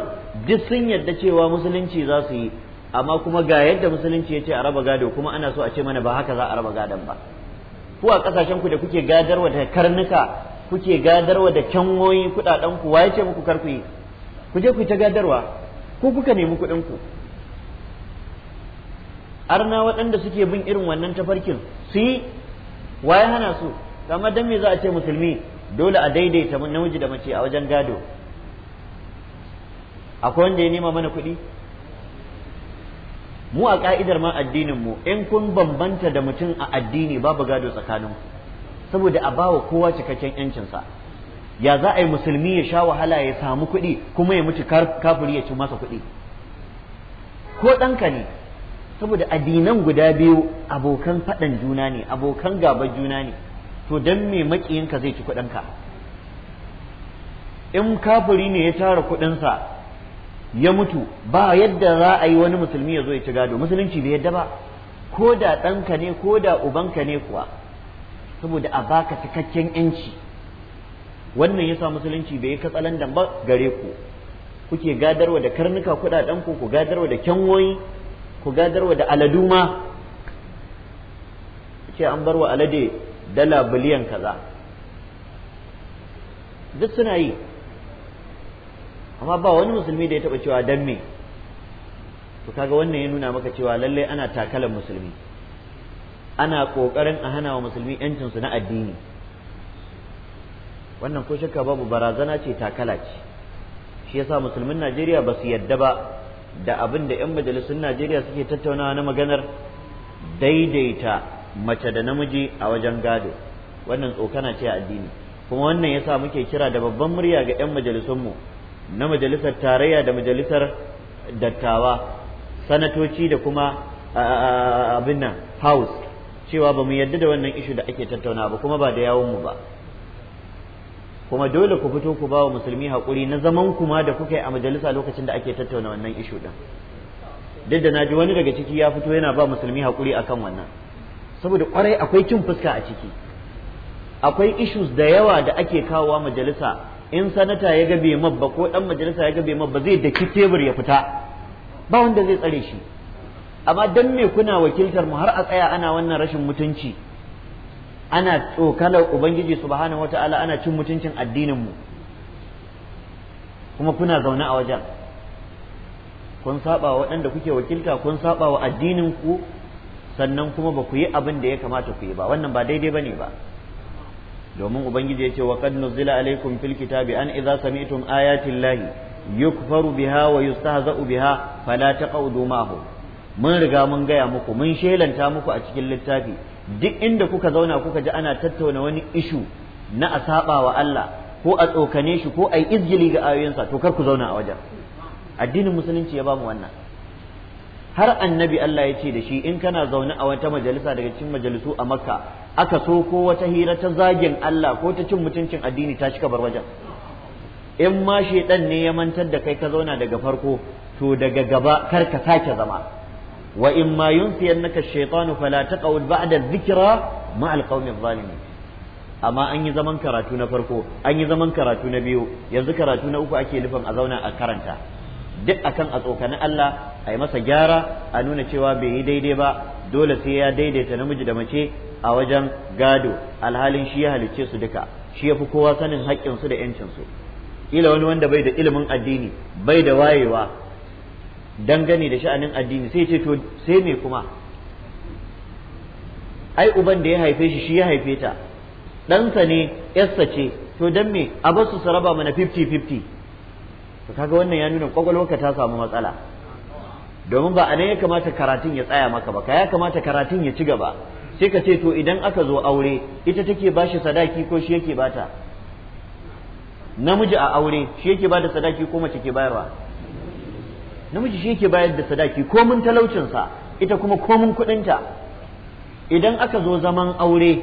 A: duk sun yadda cewa musulunci za su yi amma kuma ga yadda musulunci ya ce a raba gado kuma ana so a ce mana ba haka za a raba gadon ba ku a kasashen ku da kuke gadarwa da karnuka kuke gadarwa da kyanwoyi kudaden ku ya ce muku kar ku yi ku je ku ta gadarwa ku kuka nemi kuɗin ku arna waɗanda suke bin irin wannan tafarkin su yi ya hana su kamar dan me za a ce musulmi dole a daidaita namiji da mace a wajen gado akwai wanda ya nema mana kuɗi mu a ka'idar ma addinin mu in kun bambanta da mutum a addini babu gado tsakanin saboda a bawa kowa cikakken yancinsa ya za a yi musulmi ya sha wahala ya samu kuɗi kuma ya mutu kafiri ya ci masa kuɗi ko ɗanka ne saboda addinan guda biyu abokan faɗan juna ne abokan gaba juna ne to dan me makiyinka zai ci kuɗinka in kafiri ne ya tara kuɗinsa ya mutu ba yadda za a yi wani musulmi ya zo ya ci gado musulunci bai yadda ba ko da ɗanka ne ko da ubanka ne kuwa saboda a baka cikakken yanci wannan yasa musulunci bai yi katsalandan ba gare ku kuke gadarwa da karnuka kuɗaɗen ku ku gadarwa da kyanwoyi ku gadarwa da aladu ma ce an bar wa alade dala biliyan kaza duk suna yi amma ba wani musulmi da ya taɓa cewa dan me to kaga wannan ya nuna maka cewa lallai ana takalan musulmi ana ƙoƙarin a hana wa musulmi ‘yancinsu na addini wannan ko shakka babu barazana ce takala ce shi yasa musulmin najeriya ba su yadda ba da abin da 'yan majalisun najeriya suke tattaunawa na maganar daidaita mace da namiji a wajen gado wannan tsokana ce a addini kuma wannan yasa muke kira da babban murya ga 'yan majalisunmu na majalisar tarayya da majalisar dattawa sanatoci da kuma abin nan house cewa ba mu yarda da wannan ishu da ake tattaunawa ba kuma ba da yawon mu ba kuma dole ku fito ku ba wa musulmi haƙuri na zaman kuma da kuka yi a majalisa lokacin da ake tattauna wannan ishu ɗin duk da naji wani daga ciki ya fito yana ba musulmi haƙuri akan wannan saboda kwarai akwai cin fuska a ciki akwai issues da yawa da ake kawowa majalisa in sanata ya ga bai mabba ko dan majalisa ya ga bai mabba zai daki tebur ya fita ba wanda zai tsare shi amma dan me kuna wakiltar mu har a tsaya ana wannan rashin mutunci ana tsokalar ubangiji subhanahu wata'ala ana cin mutuncin addinin mu kuma kuna zaune a wajen kun saba wa waɗanda kuke wakilta kun saba wa addinin ku sannan kuma ba ku yi abin da ya kamata ku yi ba wannan ba daidai bane ba domin ubangiji ya ce wa qad nuzila alaikum fil kitabi an idza sami'tum ayatin lahi yukfaru biha wa yustahza'u biha fala taqudu ma'hum mun riga mun gaya muku mun shelanta muku a cikin littafi duk inda kuka zauna kuka ji ana tattauna wani ishu na a saba wa Allah ko a tsokane shi ko a yi izgili ga ayoyinsa to kar ku zauna a wajen addinin musulunci ya ba mu wannan har annabi Allah ya ce da shi in kana zaune a wata majalisa daga cikin majalisu a makka aka so ko wata hira ta zagin Allah ko ta cin mutuncin addini ta cika bar wajen in ma shedan ne ya mantar da kai ka zauna daga farko to daga gaba kar ka sake zama wa in ma yunsiyannaka ash-shaytanu fala taqul ba'da dhikra ma al-qawmi adh-dhalimin amma an yi zaman karatu na farko an yi zaman karatu na biyu yanzu karatu na uku ake nufin a zauna a karanta duk akan a na Allah a yi masa gyara a nuna cewa bai yi daidai ba dole sai ya daidaita namiji da mace a wajen gado alhalin shi ya halicce su duka shi ya fi kowa sanin haƙƙinsu da 'yancinsu ila wani wanda bai da ilimin addini bai da wayewa dangane da sha'anin addini sai ce to sai me kuma ai uban da ya haife shi shi ya haife ta ɗansa ne yarsa ce to dan me a ba su raba mana 50-50 to kaga wannan ya nuna ka ta samu matsala domin ba a nan ya kamata karatun ya tsaya maka ba ka ya kamata karatun ya ci gaba sai ka ce to idan aka zo aure ita take ba shi sadaki ko shi yake bata namiji a aure shi yake bada sadaki ko mace ke bayarwa namiji shi yake bayar da sadaki ko mun talaucinsa ita kuma ko mun kuɗinta idan aka zo zaman aure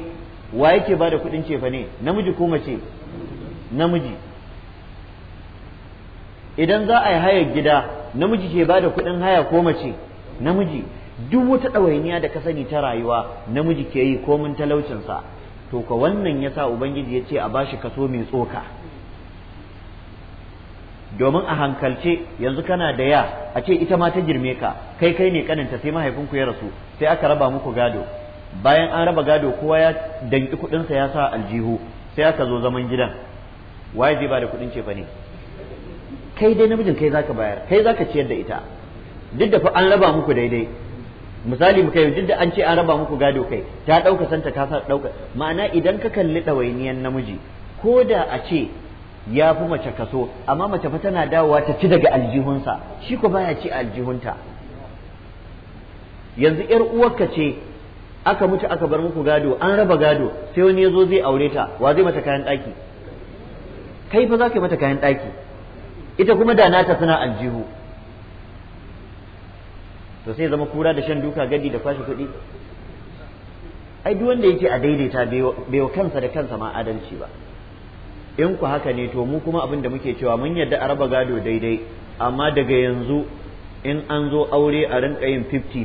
A: wa yake ba da kuɗin cefa ne namiji ko mace namiji idan za a yi hayar gida namiji ke ba da kuɗin haya ko mace namiji duk wata ɗawainiya da ka sani ta rayuwa namiji ke yi komin talaucinsa to ka wannan yasa ubangiji ya ce a bashi kaso mai tsoka domin a hankalce yanzu kana da ya a ce ita ma ta girme ka kai kai ne kaninta sai mahaifinku ya rasu sai aka raba muku gado bayan an raba gado kowa ya danki sa ya sa aljihu sai aka zo zaman gidan waye zai ba da kuɗin cefa ne kai dai namijin kai zaka bayar kai zaka ciyar da ita duk da fa an raba muku daidai misali muka duk da an ce an raba muku gado kai ta ɗauka santa ka sa ɗauka ma'ana idan ka kalli dawainiyan namiji ko da a ce ya fi mace kaso amma mace fa tana dawowa ta ci daga aljihunsa shi ko baya ci aljihunta yanzu yar uwarka ce aka mutu aka bar muku gado an raba gado sai wani ya zo zai aure ta wa zai mata kayan ɗaki kai fa zaka mata kayan ɗaki ita kuma da nata suna aljihu to sai zama kura da shan duka gadi da kwashe kuɗi ai duk wanda yake a daidaita bai kansa da kansa ma adalci ba in ku haka ne to mu kuma abin da muke cewa mun yadda a raba gado daidai amma daga yanzu in an zo aure a rinka yin 50-50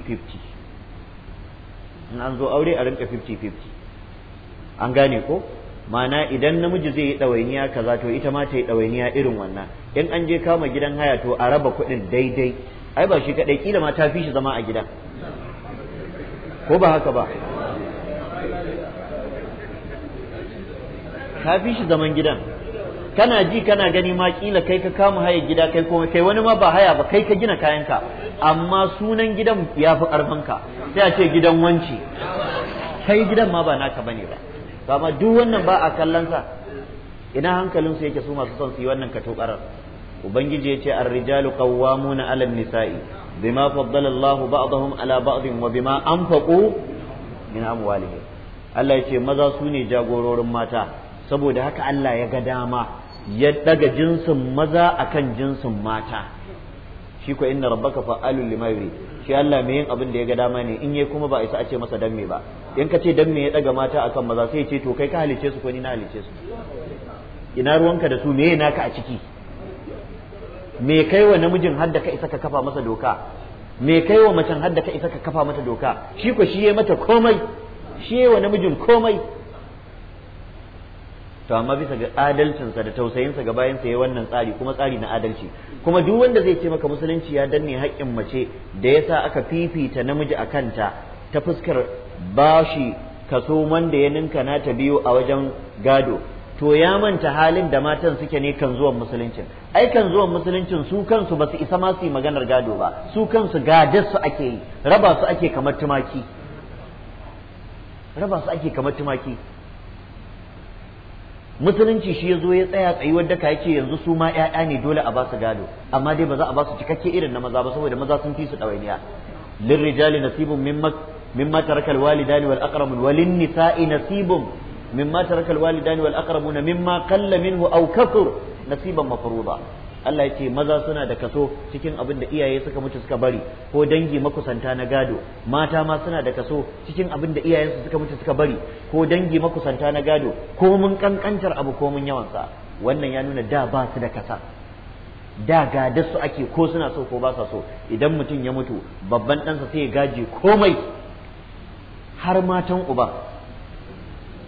A: in an zo aure a rinka 50-50 an gane ko mana idan namiji zai yi ɗawainiya kaza to ita ma ta yi ɗawainiya irin wannan in an je kama gidan haya to a raba kuɗin daidai ai ba shi kaɗai kila ma ta fi shi zama a gidan ko ba haka ba ka fi shi zaman gidan kana ji kana gani ma kila kai ka kama haya gida kai kuma kai wani ma ba haya ba kai ka gina kayanka amma sunan gidan ya fi ƙarfinka sai a ce gidan wanci kai gidan ma ba naka bane ba to amma duk wannan ba a kallon ina hankalin su yake su masu son su yi wannan ka tokarar ubangiji yace ar-rijalu qawwamuna 'ala an-nisa'i bima faddala Allahu ba'dahum 'ala ba'din wa bima anfaqu min amwalihim Allah yace maza su ne jagororin mata saboda haka Allah ya ga dama ya daga jinsin maza akan jinsin mata shi ko inna rabbaka fa'alul lima yuri shi Allah mai yin abin da ya ga dama ne in yayi kuma ba isa a ce masa dan me ba in ka ce dan me ya daga mata akan maza sai ya ce to kai ka halice su ko ni na halice su ina ruwanka da su me naka a ciki me kai wa namijin har da ka isa ka kafa masa doka me kai wa macen har da ka isa ka kafa mata doka shi ko shi yayi mata komai shi yayi wa namijin komai to amma bisa ga adalcinsa da tausayinsa ga bayansa ya wannan tsari kuma tsari na adalci kuma duk wanda zai ce maka musulunci ya danne haƙƙin mace da yasa aka fifita namiji a kanta ta fuskar bashi kaso wanda ya ninka nata biyu a wajen gado to ya manta halin da matan suke ne kan zuwan musuluncin ai kan zuwan musuluncin su kansu ba su isa ma su yi maganar gado ba su kansu gadar su ake yi raba su ake kamar tumaki raba su ake kamar tumaki musulunci shi ya zo ya tsaya tsayuwar daka ce yanzu su ma ‘ya'ya ne dole a ba su gado amma dai ba za a ba su cikakke irin na maza ba saboda maza sun fi su ɗawainiya lirrijali nasibun mimma taraka alwalidani wal aqramun walin nisa'i nasibun mimma taraka alwalidani wal aqramuna mimma qalla minhu aw kathur nasiban mafruḍa Allah ya ce maza suna da kaso cikin abin da iyaye suka mutu suka bari ko dangi makusanta na gado mata ma suna da kaso cikin abin da iyayensu suka mutu suka bari ko dangi makusanta na gado ko mun kankantar abu ko mun yawansa wannan ya nuna da ba su da kasa da gada su ake ko suna so ko ba sa so idan mutum ya mutu babban ɗansa sai ya gaji komai har matan uba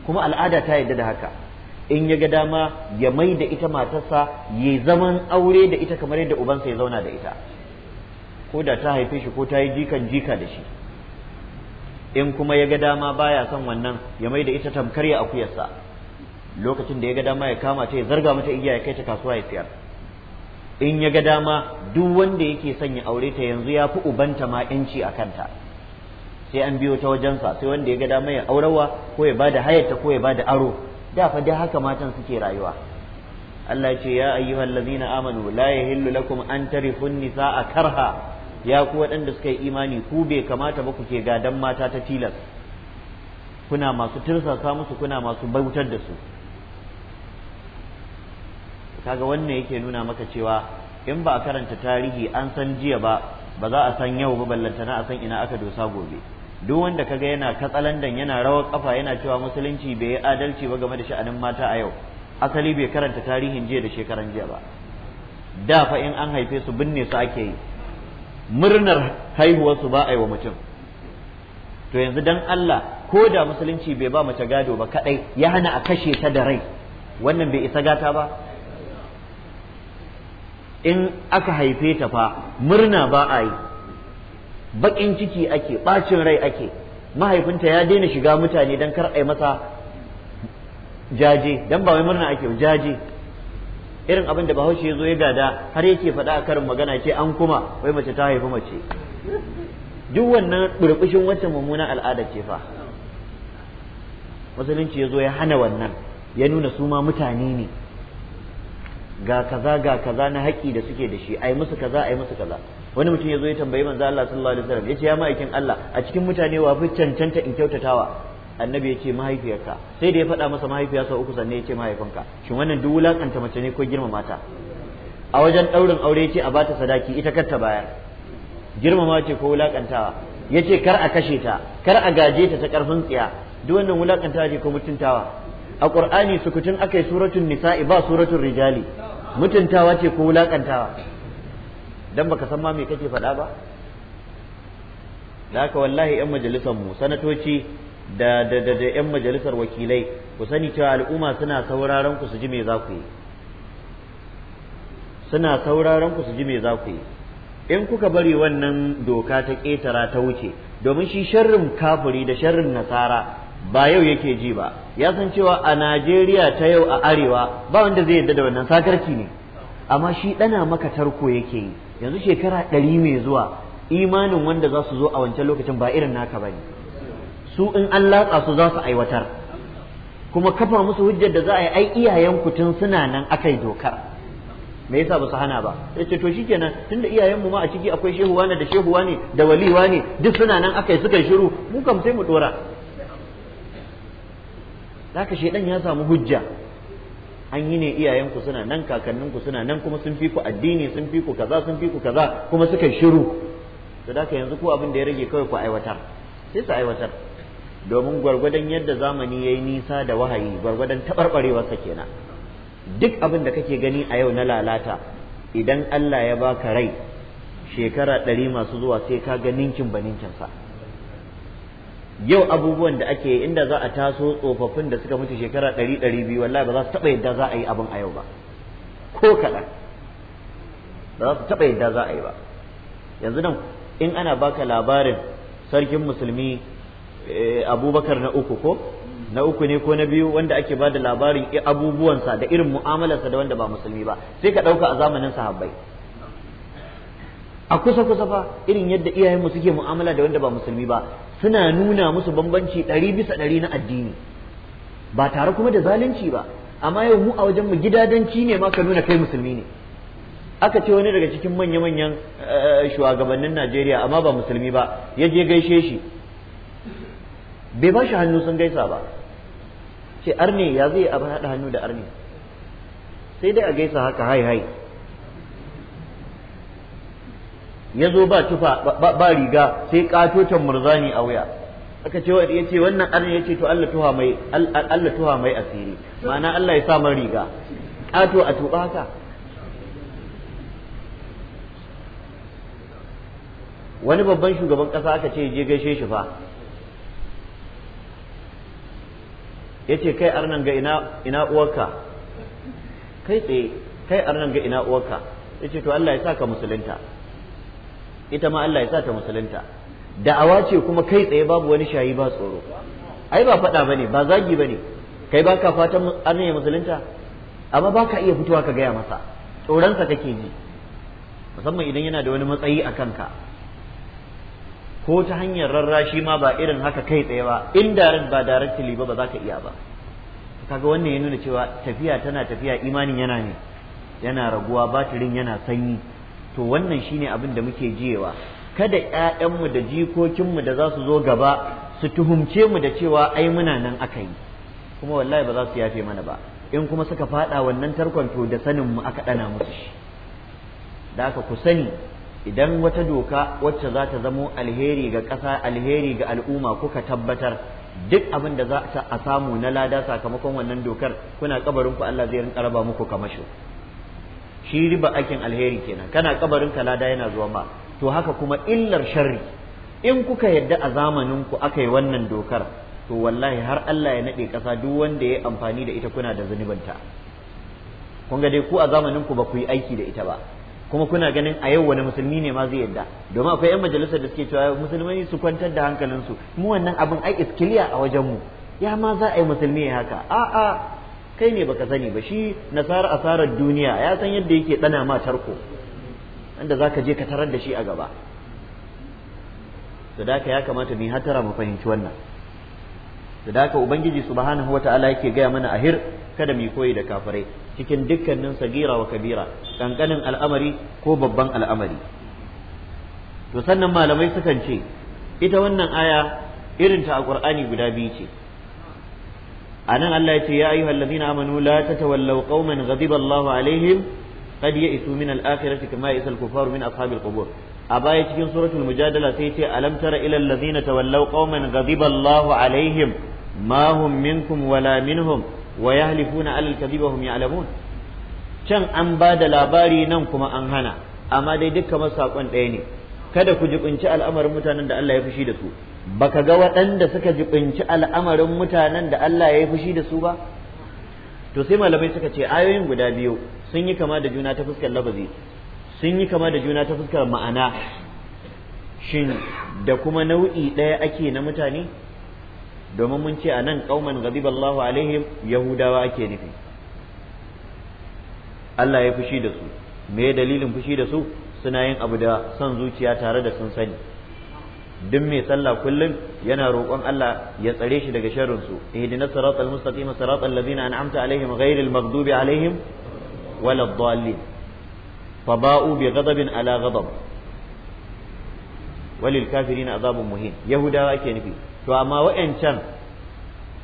A: kuma al'ada ta yadda da haka in ya ga dama ya mai da ita matarsa ya zaman aure da ita kamar yadda ubansa ya zauna da ita ko da ta haife shi ko ta yi jikan jika da shi in kuma ya ga dama baya son wannan ya mai da ita tamkar ya akuyarsa lokacin da ya ga dama ya kama ta ya zarga mata igiya ya kai ta kasuwa ya siyar in ya ga dama duk wanda yake son ya aure ta yanzu ya fi ubanta ma yanci a kanta sai an biyo ta wajensa sai wanda ya ga dama ya aurawa ko ya bada hayarta ko ya bada aro da fa dai haka matan suke rayuwa Allah ce ya ayyuhal ladina amanu la yahillu lakum an tarihun nisaa karha ya ku waɗanda suka yi imani ku bai kamata ba ku ke gadan mata ta tilas kuna masu tirsasa musu kuna masu bautar da su kaga wannan yake nuna maka cewa in ba a karanta tarihi an san jiya ba ba za a san yau ba ballantana a san ina aka dosa gobe duk wanda kaga yana katsalandan yana rawar kafa yana cewa musulunci bai yi adalci ba game da sha'anin mata a yau asali bai karanta tarihin jiya da shekaran jiya ba da fa in an haife su binne su ake yi murnar haihuwar su ba a yi wa mutum to yanzu dan Allah ko da musulunci bai ba mace gado ba kadai ya hana a kashe ta da rai wannan bai isa gata ba in aka haife ta fa murna ba a yi baƙin ciki ake ɓacin rai ake mahaifinta ya daina shiga mutane don kar a masa jaje don ba wai murna ake jaje irin abin da bahaushe ya zo ya gada har yake faɗa a karin magana ce an kuma wai mace ta haifi mace duk wannan burbushin wata mummuna al'ada ce fa musulunci ya zo ya hana wannan ya nuna su ma mutane ne ga kaza ga kaza na haƙƙi da suke da shi ai musu kaza ai musu kaza wani mutum ya zo ya tambayi manzo Allah sallallahu alaihi wasallam yace ya ma'aikin Allah a cikin mutane wa fi cancanta in kyautatawa annabi yace mahaifiyarka sai da ya faɗa masa mahaifiya sau uku sannan yace mahaifinka shin wannan duk wulakanta mace ne ko girma mata a wajen ɗaurin aure ce a bata sadaki ita kar ta bayar girmama ce ko wulakantawa yace kar a kashe ta kar a gaje ta ta karfin tsiya duk wannan wulakantawa ce ko mutuntawa a ƙur'ani, sukutun akai suratul nisa'i ba suratun rijali mutuntawa ce ko wulakantawa dan baka san ma me kake faɗa ba da haka wallahi yan majalisar mu sanatoci da da da yan majalisar wakilai ku sani cewa al'umma suna sauraron ku su ji me za ku yi suna sauraron ku su ji me za ku yi in kuka bari wannan doka ta ƙetara ta wuce domin shi sharrin kafuri da sharrin nasara ba yau yake ji ba ya san cewa a najeriya ta yau a arewa ba wanda zai yadda da wannan sakarki ne amma shi ɗana maka tarko yake yi yanzu shekara ɗari mai zuwa imanin wanda za su zo a wancan lokacin ba irin naka ba ne su in an latsa su za su aiwatar kuma kafa musu hujjar da za a yi ai iyayen tun suna nan akai dokar me yasa ba su hana ba sai ce to shikenan tunda iyayenmu ma a ciki akwai shehuwa ne da shehuwa ne da waliwa ne duk suna nan akai suka shiru mu kam sai mu dora zaka shedan ya samu hujja an yi ne iyayenku suna nan kakanninku suna nan kuma sun fi ku addini sun fi ku kaza sun fi ku kaza kuma suka shiru to da yanzu ko abin da ya rage kawai ku aiwatar sai su aiwatar domin gwargwadon yadda zamani ya yi nisa da wahayi gwargwadon taɓarɓarewarsa kenan duk abin da kake gani a yau na lalata idan Allah ya baka rai shekara ɗari masu zuwa sai ka ga ninkin ba ninkinsa yau abubuwan da ake inda za a taso tsofaffin da suka mutu shekara ɗari ɗari biyu wallahi ba za su taɓa yadda za a yi abin a yau ba ko kaɗan ba za su taɓa yadda za a yi ba yanzu nan in ana baka labarin sarkin musulmi eh, abubakar na uku ko na uku ne ko na biyu wanda ake ba da labarin abubuwansa da irin mu'amalarsa da wanda ba musulmi ba sai ka ɗauka a zamanin sahabbai a kusa kusa fa irin yadda iyayenmu suke mu'amala da wanda ba musulmi ba suna nuna musu bambanci ɗari bisa ɗari na addini ba tare kuma da zalunci ba amma yau mu a wajen mu gidadanci ne ma ka nuna kai musulmi ne aka ce wani daga cikin manya-manyan eh, shugabannin Najeriya amma ba musulmi ba ya je gaishe shi bai ba shi hannu sun gaisa ba ce arne ya zai haɗa hannu da arne sai dai a gaisa haka hai hai ya zo ba tufa ba riga sai katocin murzani a wuya aka ce ya ce wannan arin ya ce to Allah tuha mai Allah tuha mai asiri ma'ana Allah ya sa man riga kato a tuba haka wani babban shugaban kasa aka ce je gaishe shi fa ya ce kai arnan ga ina ina uwarka kai tsaye kai arnan ga ina uwarka ya ce to Allah ya sa ka musulunta ita ma Allah ya sa ta musulunta da'awa ce kuma kai tsaye babu wani shayi ba tsoro ai ba faɗa bane ba zagi bane kai ba ka fatan an ya musulunta amma ba ka iya fitowa ka gaya masa tsoronsa kake ji musamman idan yana da wani matsayi a ka ko ta hanyar rarrashi ma ba irin haka kai tsaye ba indirect ba directly ba ba za ka iya ba kaga wannan ya nuna cewa tafiya tana tafiya imanin yana ne yana raguwa batirin yana sanyi to wannan shine abin da muke jiyewa kada ƴaƴanmu da jikokinmu da za su zo gaba su tuhumce mu da cewa ai muna nan aka yi kuma wallahi ba za su yafe mana ba in kuma suka faɗa wannan tarkon to da sanin mu aka ɗana musu shi da haka ku sani idan wata doka wacce za ta zamo alheri ga ƙasa alheri ga al'umma kuka tabbatar duk abin da za a samu na lada sakamakon wannan dokar kuna kabarin ku Allah zai rinka raba muku kamasho shi riba aikin alheri kenan kana kabarin ka lada yana zuwa ma to haka kuma illar sharri in kuka yadda a zamanin ku aka yi wannan dokar to wallahi har Allah ya nade kasa duk wanda ya amfani da ita kuna da zunubinta kun ga dai ku a zamanin ku ba ku yi aiki da ita ba kuma kuna ganin a yau wani musulmi ne ma zai yadda domin akwai yan majalisar da suke cewa musulmai su kwantar da hankalinsu mu wannan abin ai iskiliya a wajen mu ya ma za a yi musulmi ya haka a'a kai ne baka sani ba shi nasara asarar duniya ya san yadda yake dana ma tarko inda zaka je ka tarar da shi a gaba to daka ya kamata mu hatara mu fahimci wannan to daka ubangiji subhanahu wataala yake gaya mana ahir kada mu koyi da kafirai cikin dukkanin sagira wa kabira kankanin al'amari ko babban al'amari to sannan malamai sukan ce ita wannan aya irinta a qur'ani guda biyu ce anan Allah ya ce ya ayyuhal ladina amanu la tatawallaw qauman ghadiba Allahu alaihim qad ya'isu min al-akhirati kama ya'isa al-kuffar min al qubur a baya cikin suratul mujadala sai ce alam tara ila alladhina tawallaw qauman ghadiba Allahu alaihim ma hum minkum wala minhum wa yahlifuna ala al-kadhiba hum ya'lamun can an ba da labari nan kuma an hana amma dai dukkan sakon ɗaya ne kada ku jibinci al'amarin mutanen da Allah ya fushi da su baka ga waɗanda suka jibinci al'amarin mutanen da Allah ya fushi da su ba to sai malamai suka ce ayoyin guda biyu sun yi kama da juna ta fuskar labazi sun yi kama da juna ta fuskar ma'ana shin da kuma nau'i ɗaya ake na mutane domin mun ce a nan ƙauman ghadiballahu alaihim yahudawa ake nufi Allah ya fushi da su me dalilin fushi da su suna yin abu da son zuciya tare da sun sani duk mai sallah kullum yana roƙon Allah ya tsare shi daga sharrin su ihdina siratal mustaqim siratal ladzina an'amta alaihim ghairil maghdubi alaihim waladdallin faba'u bi ghadabin ala ghadab walil kafirina azabun muhin yahudawa ake nufi to amma wa'ancan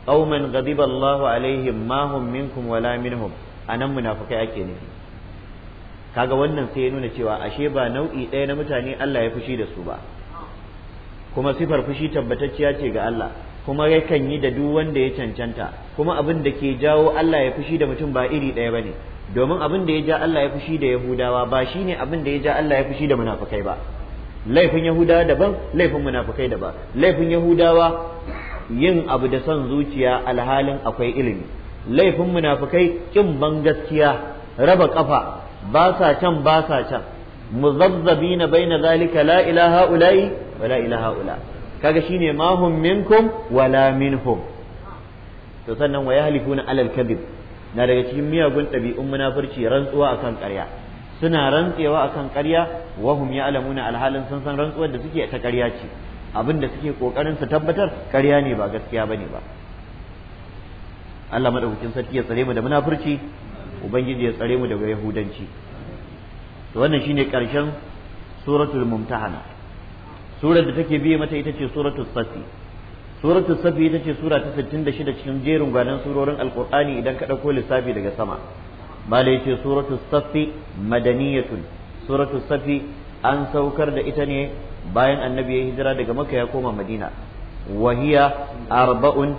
A: qauman ghadiba Allahu alaihim ma hum minkum wala minhum anan munafikai ake nufi kaga wannan sai ya nuna cewa ashe ba nau'i ɗaya na mutane Allah ya fushi da su ba kuma sifar fushi tabbatacciya ce ga Allah kuma yakan yi da duk wanda ya cancanta kuma abin da ke jawo Allah ya fushi da mutum ba iri ɗaya bane domin abin da ya ja Allah ya fushi da Yahudawa ba shine abin da ya ja Allah ya fushi da munafukai ba laifin Yahudawa daban laifin munafukai daban laifin Yahudawa yin abu da son zuciya alhalin akwai ilimi laifin munafukai kin ban gaskiya raba kafa ba sa can ba sa can na baina zalika la ilaha ulai wa la ilaha ula kaga shine ne hum minkum wala minhum to sannan wa na alal kadhib na daga cikin miyagun ɗabi'un munafurci rantsuwa akan ƙarya suna rantsewa akan ƙarya wa hum ya'lamuna alhalin sun san rantsuwar da suke ta ƙarya ce abin da suke kokarin su tabbatar ƙarya ne ba gaskiya bane ba Allah madaukakin sarki ya tsare mu da munafurci ubangiji ya tsare mu daga yahudanci to wannan shine karshen suratul mumtahana surar da take biye mata ita ce suratul safi suratul safi ita ce sura ta 66 cikin jerin gwanan surorin alqur'ani idan ka dauko lissafi daga sama bala yace suratul safi madaniyatun suratul safi an saukar da ita ne bayan annabi ya hijira daga makka ya koma madina wahiya arba'un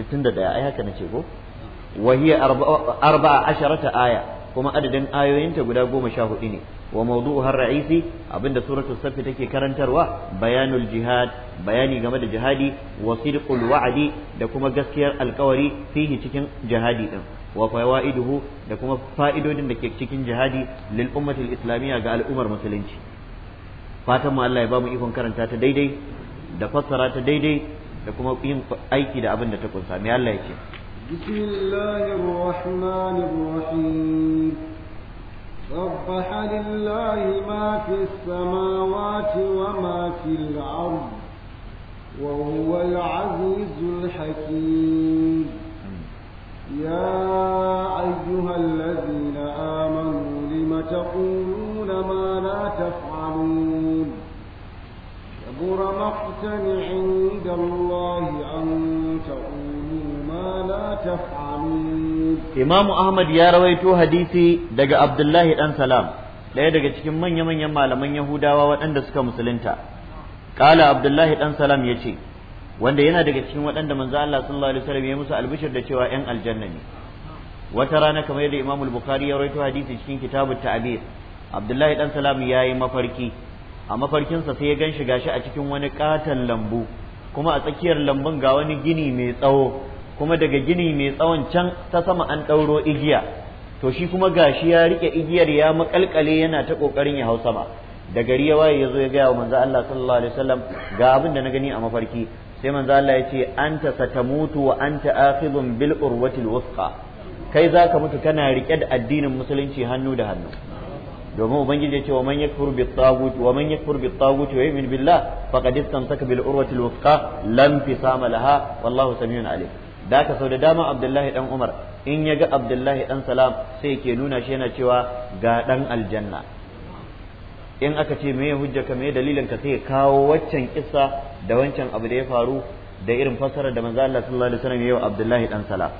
A: 61 ai haka nace ko wa hiya arba'a asharata aya kuma adadin ayoyinta guda goma sha hudu ne wa har ra'isi abinda suratul saff take karantarwa bayanul jihad bayani game da jihadi wa sidqul wa'di da kuma gaskiyar alkawari fihi cikin jihadi din wa fawaiduhu da kuma fa'idodin da ke cikin jihadi lil ummatil islamiyya ga al'ummar musulunci fatan mu Allah bamu ikon karanta ta daidai da fassara ta daidai da kuma yin aiki da abin da ta kunsa Allah ya ce
B: بسم الله الرحمن الرحيم سبح لله ما في السماوات وما في الأرض وهو العزيز الحكيم يا أيها الذين آمنوا لم تقولون ما لا تفعلون كبر مقتا عند الله أن
A: Imamu Ahmad ya rawaito hadisi daga حديثي دقى عبد الله daga cikin manya-manyan malaman Yahudawa waɗanda suka musulunta kala Abdullahi ɗan salam ya ce wanda yana daga cikin waɗanda manzo Allah sallallahu alaihi wasallam ya musu albishir da cewa ‘yan aljanna ne wata rana kamar yadda Imam Bukhari ya rawaito hadisi cikin kitabut ta'bir Abdullahi dan salam ya yi mafarki a mafarkinsa sai ya gan shi gashi a cikin wani katon lambu kuma a tsakiyar lambun ga wani gini mai tsawo kuma daga gini mai tsawon can ta sama an ɗauro igiya to shi kuma gashi ya rike igiyar ya makalkale yana ta kokarin ya hau sama da gari ya waye yazo ya gaya wa manzo Allah sallallahu alaihi wasallam ga abin da na gani a mafarki sai manzo Allah ya ce anta satamutu wa anta akhidun bil urwatil wuthqa kai zaka mutu kana rike da addinin musulunci hannu da hannu domin ubangiji ya ce wa man yakfur bi tagut wa man yakfur bi tagut wa yu'min billah faqad istamsaka bil urwatil wuthqa lam fisama laha wallahu samiun alim da ka sau da dama abdullahi dan umar in ya ga abdullahi dan salam sai ke nuna shi yana cewa ga dan aljanna in aka ce me hujjaka me dalilin ka sai kawo waccan kisa da wancan abu da ya faru da irin fassarar da manzo Allah sallallahu alaihi wasallam abdullahi dan salam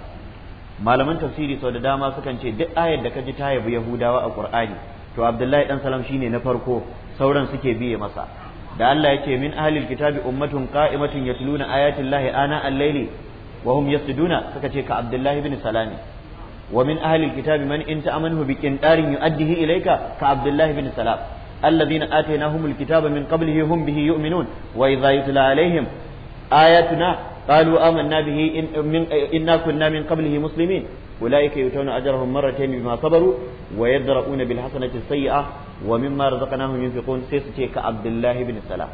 A: malaman tafsiri sau da dama sukan ce duk ayar da ka ji ta yabi yahudawa a qur'ani to abdullahi ɗan salam shine na farko sauran suke biye masa da Allah yake min ahlil kitabi ummatun qa'imatun yatluna ayati llahi ana al laili wa hum yasjuduna suka ce ka abdullahi ibn salami wa min ahli alkitabi man in ta'amanhu bi qintarin yu'addihi ilayka ka abdullahi ibn salam alladhina atainahum alkitaba min qablihi hum bihi yu'minun wa ayatuna قالوا آمنا به إن من إنا كنا من قبله مسلمين أولئك يؤتون أجرهم مرتين بما صبروا ويدرؤون بالحسنة السيئة ومما رزقناهم ينفقون سيسكي كعبد الله بن سلام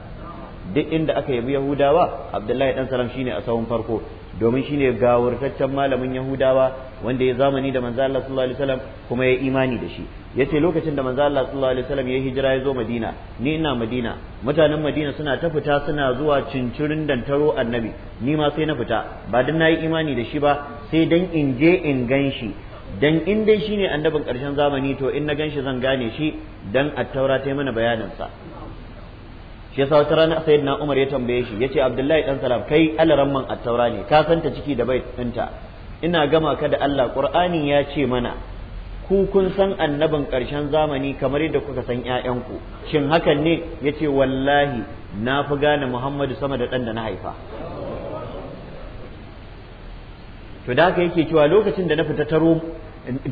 A: duk inda aka yabi Yahudawa Abdullahi dan Salam shine a sahun farko domin shine gawurtaccen malamin yahudawa wanda ya zamani da manzo Allah sallallahu alaihi wasallam kuma ya imani da shi yace lokacin da manzo Allah sallallahu alaihi wasallam ya hijira ya zo Madina ni ina Madina mutanen Madina suna ta fita suna zuwa cincirin dantaro annabi ni ma sai na fita ba dan nayi imani da shi ba sai dan in je in gan shi dan in dai shine annabin ƙarshen zamani to in na gan shi zan gane shi dan attaura ta mana bayanin sa shi yasa wata rana na Umar ya tambaye shi yace Abdullahi dan Salam kai alaran man at-taura ne ka santa ciki da bai ɗinta ina gama ka da Allah Qur'ani ya ce mana ku kun san annabin ƙarshen zamani kamar yadda kuka san ƴaƴanku shin hakan ne yace wallahi na fi gane Muhammadu sama da dan da na haifa to da haka yake cewa lokacin da na fita taro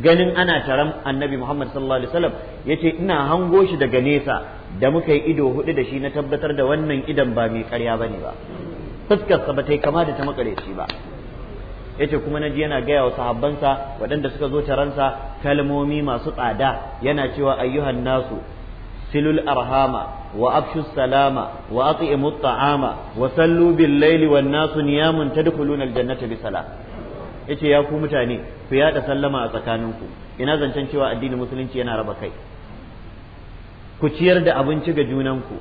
A: ganin ana taron annabi Muhammad sallallahu alaihi wasallam yace ina hango shi daga nesa da muka yi ido hudu da shi na tabbatar da wannan idan ba mai ƙarya bane ba fuskarsa ba ta yi kama da ta makareci ba yace kuma naji yana gaya wa sahabbansa waɗanda suka zo taransa kalmomi masu tsada yana cewa ayyuhan nasu silul arhama wa afshu salama wa at'imu at'ama wa sallu bil laili wan nasu niyamun tadkhuluna al jannata bi salam yace ya ku mutane ku yaɗa sallama a tsakaninku ina zancen cewa addinin musulunci yana raba kai ku ciyar da abinci ga junanku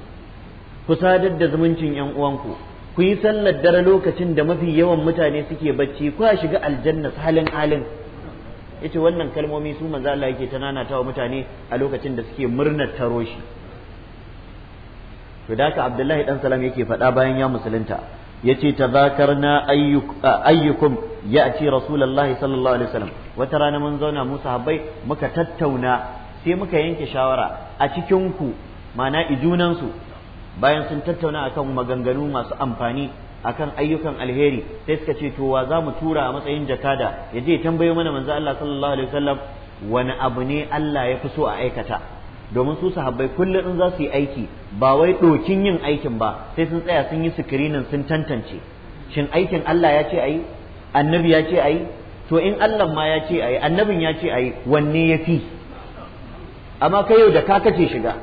A: ku sadar da zumuncin yan uwanku ku yi sallar dare lokacin da mafi yawan mutane suke bacci ku shiga aljanna halin halin yace wannan kalmomi su manzo Allah yake ta nanatawa mutane a lokacin da suke murnar taro shi to da haka Abdullahi dan Salam yake faɗa bayan ya musulunta yace tazakarna ayyukum ya'ti rasulullahi sallallahu alaihi wasallam wata rana mun zauna mu sahabbai muka tattauna sai muka yanke shawara a cikin ku mana ijunan su bayan sun tattauna akan maganganu masu amfani akan ayyukan alheri sai suka ce to wa za mu tura a matsayin jakada ya je tambayo mana manzo Allah sallallahu alaihi wasallam wani abu ne Allah ya fi so a aikata domin su sahabbai kullum in za su yi aiki ba wai ɗokin yin aikin ba sai sun tsaya sun yi sikirinin sun tantance shin aikin Allah ya ce ayi annabi ya ce ayi to in Allah ma ya ce ayi annabin ya ce ayi wanne ya fi amma kai yau da ka kace shiga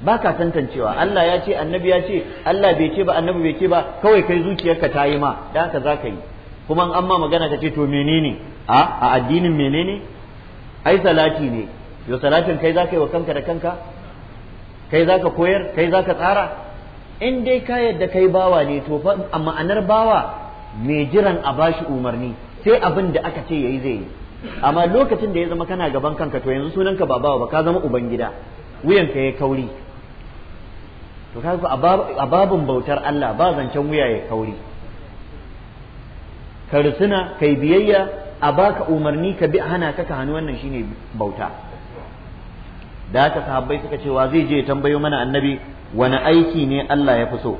A: ba ka tantancewa Allah ya ce annabi ya ce Allah bai ce ba annabi bai ce ba kawai kai zuciyarka ta yi ma da haka za yi kuma an ma magana ka ce to menene a a addinin menene ai salati ne yau salatin kai ka yi wa kanka da kanka kai za ka koyar kai za ka tsara in dai ka yadda kai bawa ne to a ma'anar bawa mai jiran a bashi umarni sai abin da aka ce yayi zai yi amma lokacin da ya zama kana gaban kanka to yanzu sunanka ba bawa ba ka zama ubangida wuyanka ya kauri to ka kaga a babin bautar Allah ba zancen wuya ya kauri ka rusuna kai biyayya a baka umarni ka bi hana ka ka hannu wannan shine bauta da haka sahabbai suka ce wa zai je ya tambayo mana annabi wani aiki ne Allah ya fi so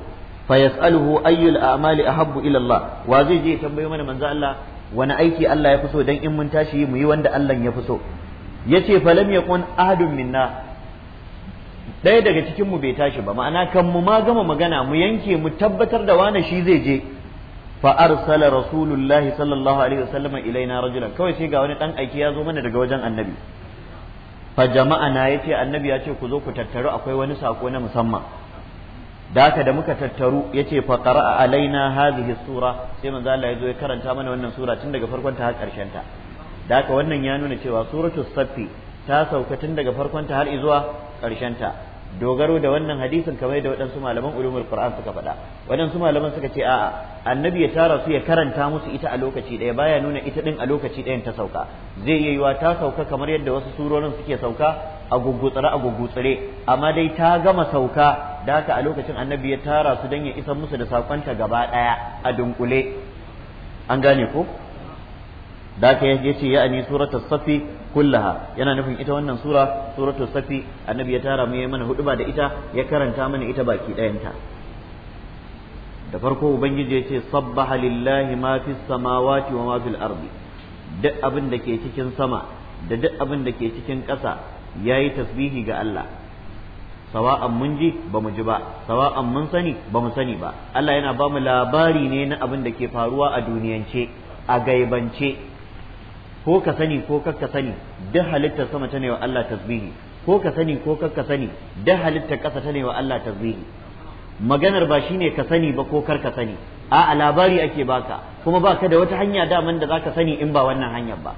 A: fa yas'aluhu ayyul a'mali ahabbu ila Allah wa zai je ya tambayo mana manzo Allah wani aiki Allah ya fi so dan in mun tashi mu yi wanda Allah ya fi so yace falam yakun ahadun minna ɗaya daga cikin mu bai tashi ba ma'ana kan mu ma gama magana mu yanke mu tabbatar da wani shi zai je fa arsala rasulullahi sallallahu alaihi wasallam ilaina rajulan kawai sai ga wani dan aiki ya zo mana daga wajen annabi fa ya yace annabi ya ce ku zo ku tattaru akwai wani sako na musamman da haka da muka tattaru yace fa qara'a alaina hadhihi sura sai manzo Allah ya zo ya karanta mana wannan sura tun daga farkon ta har karshen ta da haka wannan ya nuna cewa suratul saffi ta sauka tun daga farkon ta har zuwa karshen ta dogaro da wannan hadisin kamar da waɗansu malaman ulumul qur'an suka faɗa waɗansu malaman suka ce a'a annabi ya tara su ya karanta musu ita a lokaci daya baya nuna ita din a lokaci ɗayan ta sauka zai iya yiwa ta sauka kamar yadda wasu surorin suke sauka a gugutsire a gugutsire amma dai ta gama sauka da haka a lokacin annabi ya tara su dan ya isar musu da sakonta gaba ɗaya a dunkule an gane ko da ka ya ce ya ani suratul safi kullaha yana nufin ita wannan sura suratul safi annabi ya tara mu yayi mana ba da ita ya karanta mana ita baki ɗayanta da farko ubangiji ya ce sabbaha lillahi ma fis samawati wa ma fil ardi duk abin da ke cikin sama da duk abin da ke cikin ƙasa yayi tasbihi ga Allah sawa'an mun ji ba mu ji ba sawa'an mun sani ba mu sani ba Allah yana ba mu labari ne na abin da ke faruwa a duniyance a gaibance ko ka sani ko kakka sani duk halittar sama ta ne wa Allah tasbihi ko ka sani ko kakka sani duk halittar ƙasa ta ne wa Allah tasbihi maganar ba shine ka sani ba ko kar ka sani a labari ake baka kuma baka da wata hanya daman da zaka sani in ba wannan hanyar ba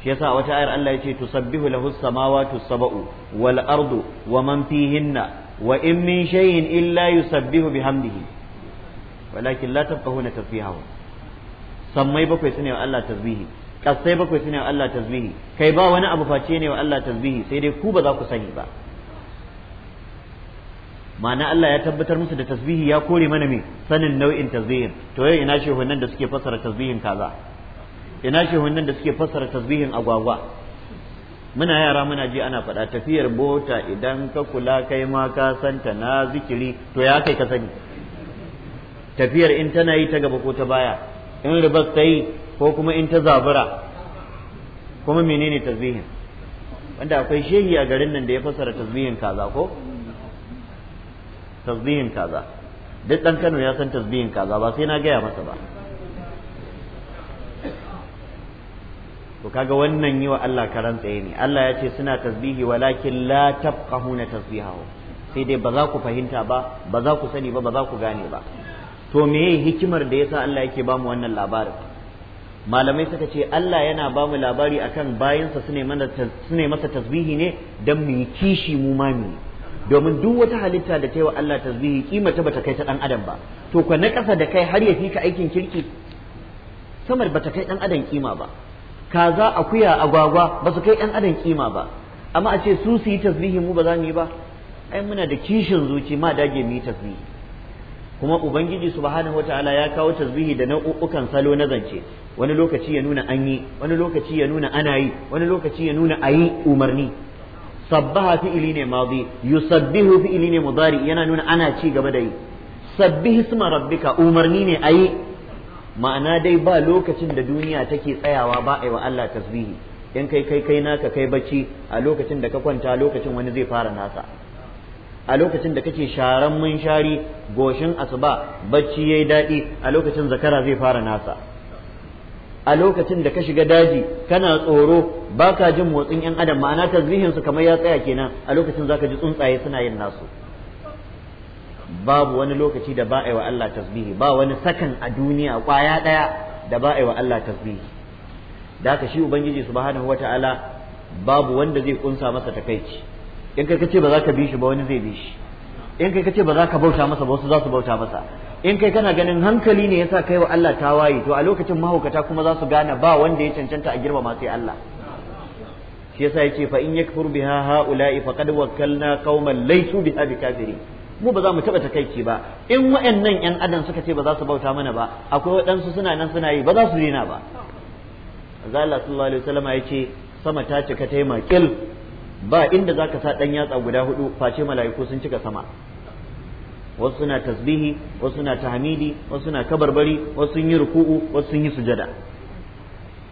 A: shi yasa wata ayar Allah yace tusabbihu lahu samawati sab'u wal ardu wa man fihinna wa in min shay'in illa yusabbihu bihamdihi walakin la tafqahuna tasbihahu sammai bakwai sune wa Allah tasbihi kasai bakwai sune wa Allah tasbihi kai ba wani abu face ne wa Allah tasbihi sai dai ku ba za ku sani ba ma'ana Allah ya tabbatar musu da tasbihi ya kore mana me sanin nau'in tasbihin to yau ina nan da suke fassara tasbihin kaza ina nan da suke fassara tasbihin agwagwa muna yara muna ji ana faɗa tafiyar bota idan ka kula kai ma ka santa na zikiri to ya kai ka sani tafiyar in tana yi ta gaba ko ta baya in ribar ta yi ko kuma in ta zabura kuma menene tasbihin wanda akwai shehi a garin nan da ya fassara tasbihin kaza ko tasbihin kaza duk dan Kano ya san tasbihin kaza ba sai na gaya masa ba to kaga wannan yi wa Allah karan tsaye ne Allah ya ce suna tasbihi walakin la tafqahuna tasbihahu sai dai ba za ku fahimta ba ba za ku sani ba ba za ku gane ba to meye hikimar da yasa Allah yake bamu wannan labarin malamai suka ce Allah yana bamu labari akan bayansa su ne masa tasbihi ne don mu yi kishi mu ma mu domin duk wata halitta da ta yi wa Allah tasbihi kima ta bata kai ta dan adam ba to kwa kasa da kai har ya fi ka aikin kirki samar bata kai dan adam kima ba kaza akuya agwagwa ba su kai dan adam kima ba amma a ce su su yi tasbihi mu ba za mu yi ba ai muna da kishin zuci ma dage mu yi tasbihi kuma ubangiji subhanahu wataala ya kawo tasbihi da nau'ukan salo na zance wani lokaci ya nuna an wani lokaci ya nuna ana yi wani lokaci ya nuna ayi umarni sabbaha fi'ili ne madi yusabbihu fi'ili ne mudari yana nuna ana ci gaba da yi sabbih isma rabbika umarni ne ayi ma'ana dai ba lokacin da duniya take tsayawa ba a wa Allah tasbihi in kai kai kai naka kai bacci a lokacin da ka kwanta lokacin wani zai fara nasa a lokacin da kake sharan munshari goshin asuba bacci yayi daɗi a lokacin zakara zai fara nasa a lokacin da ka shiga daji kana tsoro baka jin motsin yan adam ma'ana tazrihin su kamar ya tsaya kenan a lokacin zaka ji tsuntsaye suna yin nasu babu wani lokaci da ba a yi wa Allah tasbihi ba wani sakan a duniya kwaya ɗaya da ba a yi wa Allah tasbihi da haka shi ubangiji subhanahu wataala babu wanda zai kunsa masa takaici in kai kace ba za ka bi shi ba wani zai bi shi in kai kace ba za ka bauta masa ba wasu za su bauta masa in kai kana ganin hankali ne yasa kai wa Allah tawaye to a lokacin mahaukata kuma za su gane ba wanda ya cancanta a girmama sai Allah shi yasa yace fa in yakfur biha haula'i faqad wakkalna qauman laysu biha bikafirin mu ba za mu taɓa takaici ba in waɗannan yan adam suka ce ba za su bauta mana ba akwai waɗansu suna nan suna yi ba za su rena ba Allah sallallahu alaihi wasallam ce sama ta cika ka yi makil ba inda zaka sa dan yatsa guda hudu face mala'iku sun cika sama wasu suna tasbihi wasu suna tahmidi wasu suna kabarbari wasu sun yi ruku'u wasu sun yi sujada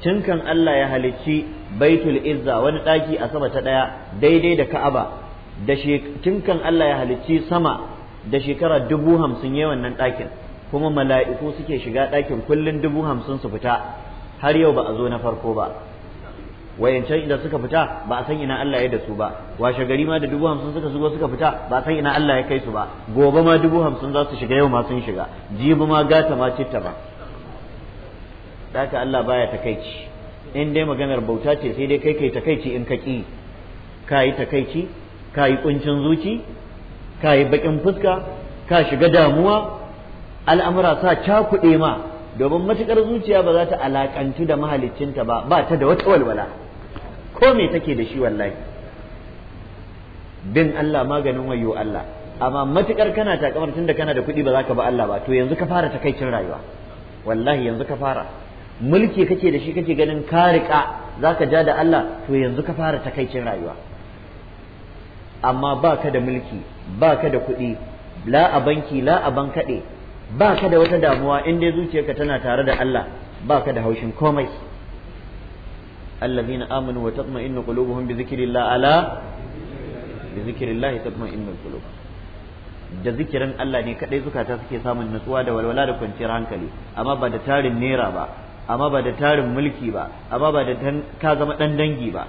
A: tun kan Allah ya halicci baitul izza wani daki a sama ta daya daidai da ka'aba da tun kan Allah ya halicci sama da shekara dubu hamsin yi wannan dakin kuma mala'iku suke shiga dakin kullun dubu hamsin su fita har yau ba a zo na farko ba wayancan idan suka fita ba a san ina Allah ya da su ba washe gari ma da dubu hamsin suka shigo suka fita ba a san ina Allah ya kai su ba gobe ma dubu hamsin za su shiga yau ma sun shiga jibi ma gata ma citta ba daka Allah baya takaici in dai maganar bauta ce sai dai kai kai takaici in ka ki ka yi takaici ka yi kuncin zuci ka yi bakin fuska ka shiga damuwa al'amura sa cakuɗe ma domin matuƙar zuciya ba za ta alaƙantu da mahaliccinta ba ba ta da wata walwala ko me take da shi wallahi bin Allah maganin wayo Allah amma matukar kana takamar tunda kana da kuɗi ba za ka ba Allah ba to yanzu ka fara takaicin rayuwa wallahi yanzu ka fara mulki kake da shi kake ganin ka riƙa za ka ja da Allah to yanzu ka fara takaicin rayuwa amma ba ka da mulki ba ka da kuɗi la a banki la a bankaɗe ba ka da wata damuwa in dai zuciyarka tana tare da Allah ba ka da haushin komai الذين آمنوا وتطمئن قلوبهم بذكر الله ألا بذكر الله تطمئن القلوب da zikirin Allah ne kadai zukata suke samun nutsuwa da walwala da kwanciyar hankali amma ba da tarin nera ba amma ba da tarin mulki ba amma ba da ka zama dan dangi ba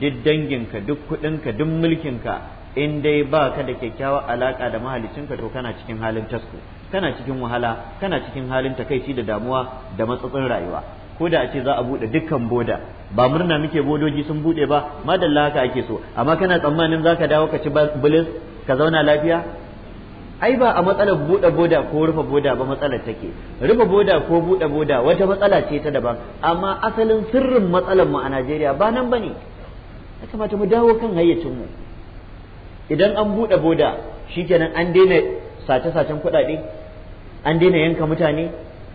A: duk danginka duk kudinka duk mulkin ka, in dai ba ka da kyakkyawa alaka da ka to kana cikin halin tasko kana cikin wahala kana cikin halin takaici da damuwa da matsatsin rayuwa ko da a ce za a buɗe dukkan boda ba murna muke bodoji sun buɗe ba madalla haka ake so amma kana tsammanin zaka dawo ka ci bilis ka zauna lafiya ai ba a matsalar buɗe boda ko rufe boda ba matsalar take rufe boda ko buɗe boda wata matsala ce ta daban amma asalin sirrin matsalar mu a Najeriya ba nan bane ya kamata mu dawo kan hayyacin mu idan an buɗe boda shikenan an daina sace-sacen kuɗaɗe an daina yanka mutane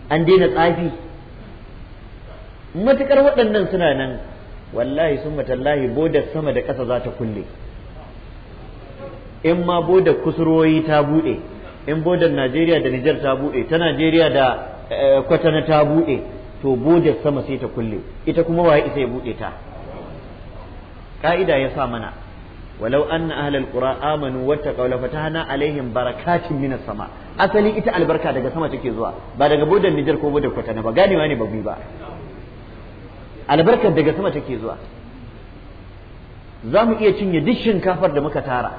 A: an daina tsafi matukar waɗannan suna nan wallahi sun matallahi bodar sama da ƙasa za ta kulle in ma bodar kusurwoyi ta buɗe in bodar najeriya da nijar ta buɗe ta najeriya da eh, kwatana ta buɗe to bodar sama sai ta kulle ita kuma waye isa ya buɗe ta Ƙa'ida ya sa mana walau anna ahlal qura amanu wattaqaw la hana alaihim barakatin minas sama asali ita albarka daga sama take zuwa ba daga bodar nijar ko bodar kwatana ba ganewa ne ba ba albarkar daga sama take zuwa za mu iya cinye duk shinkafar da muka tara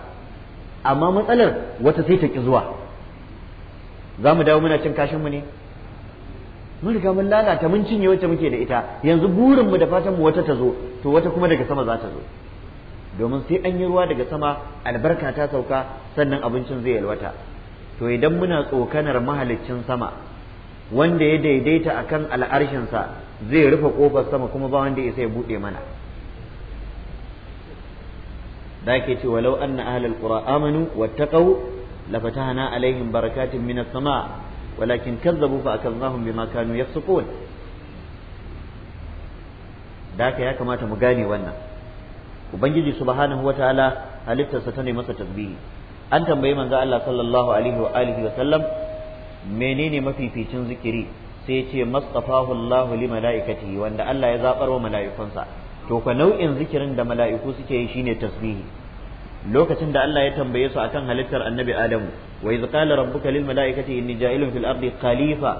A: amma matsalar wata sai ta ki zuwa za mu dawo muna cin kashinmu ne mun riga mun lalata mun cinye wacce muke da ita yanzu burinmu da fatanmu wata ta zo to wata kuma daga sama za ta zo domin sai an yi ruwa daga sama albarka ta sauka sannan abincin zai yalwata to idan muna tsokanar mahaliccin sama wanda ya daidaita akan al'arshinsa zai rufe kofar sama kuma ba wanda isa ya buɗe mana da ke ce walau anna ahlal qura amanu wattaqau lafatahna alaihim barakatin minas sama walakin kazzabu fa akazahum bima kanu yafsukun da ya kamata mu gane wannan ubangiji subhanahu wataala halittarsa ta ne masa tasbihi an tambayi manzo Allah sallallahu alaihi wa alihi wa sallam menene mafificin zikiri sai ce mastafahu Allah li malaikatihi wanda Allah ya zabar wa mala'ikunsa to ka nau'in zikirin da mala'iku suke yi shine tasbihi lokacin da Allah ya tambaye su akan halittar annabi Adamu wa iz qala rabbuka lil mala'ikati inni ja'ilun fil ardi khalifa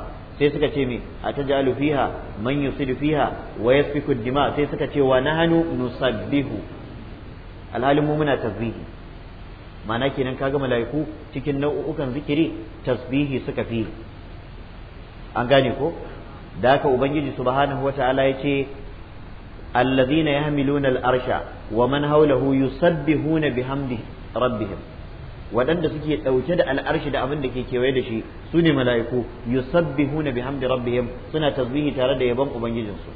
A: sai suka ce me ataj'alu fiha man yusidu fiha wa yasfiku dima sai suka ce wa nahnu nusabbihu alhalin mu muna tasbihi ma'ana kenan kaga mala'iku cikin nau'ukan zikiri tasbihi suka fi an gane ko da haka ubangiji subhanahu wataala yace allazina yahmiluna al-arsha wa man hawlahu yusabbihuna bihamdi rabbihim waɗanda suke ɗauke da al'arshi da abin da ke kewaye da shi su ne mala'iku yusabbihuna bihamdi rabbihim suna tasbihi tare da yabon ubangijinsu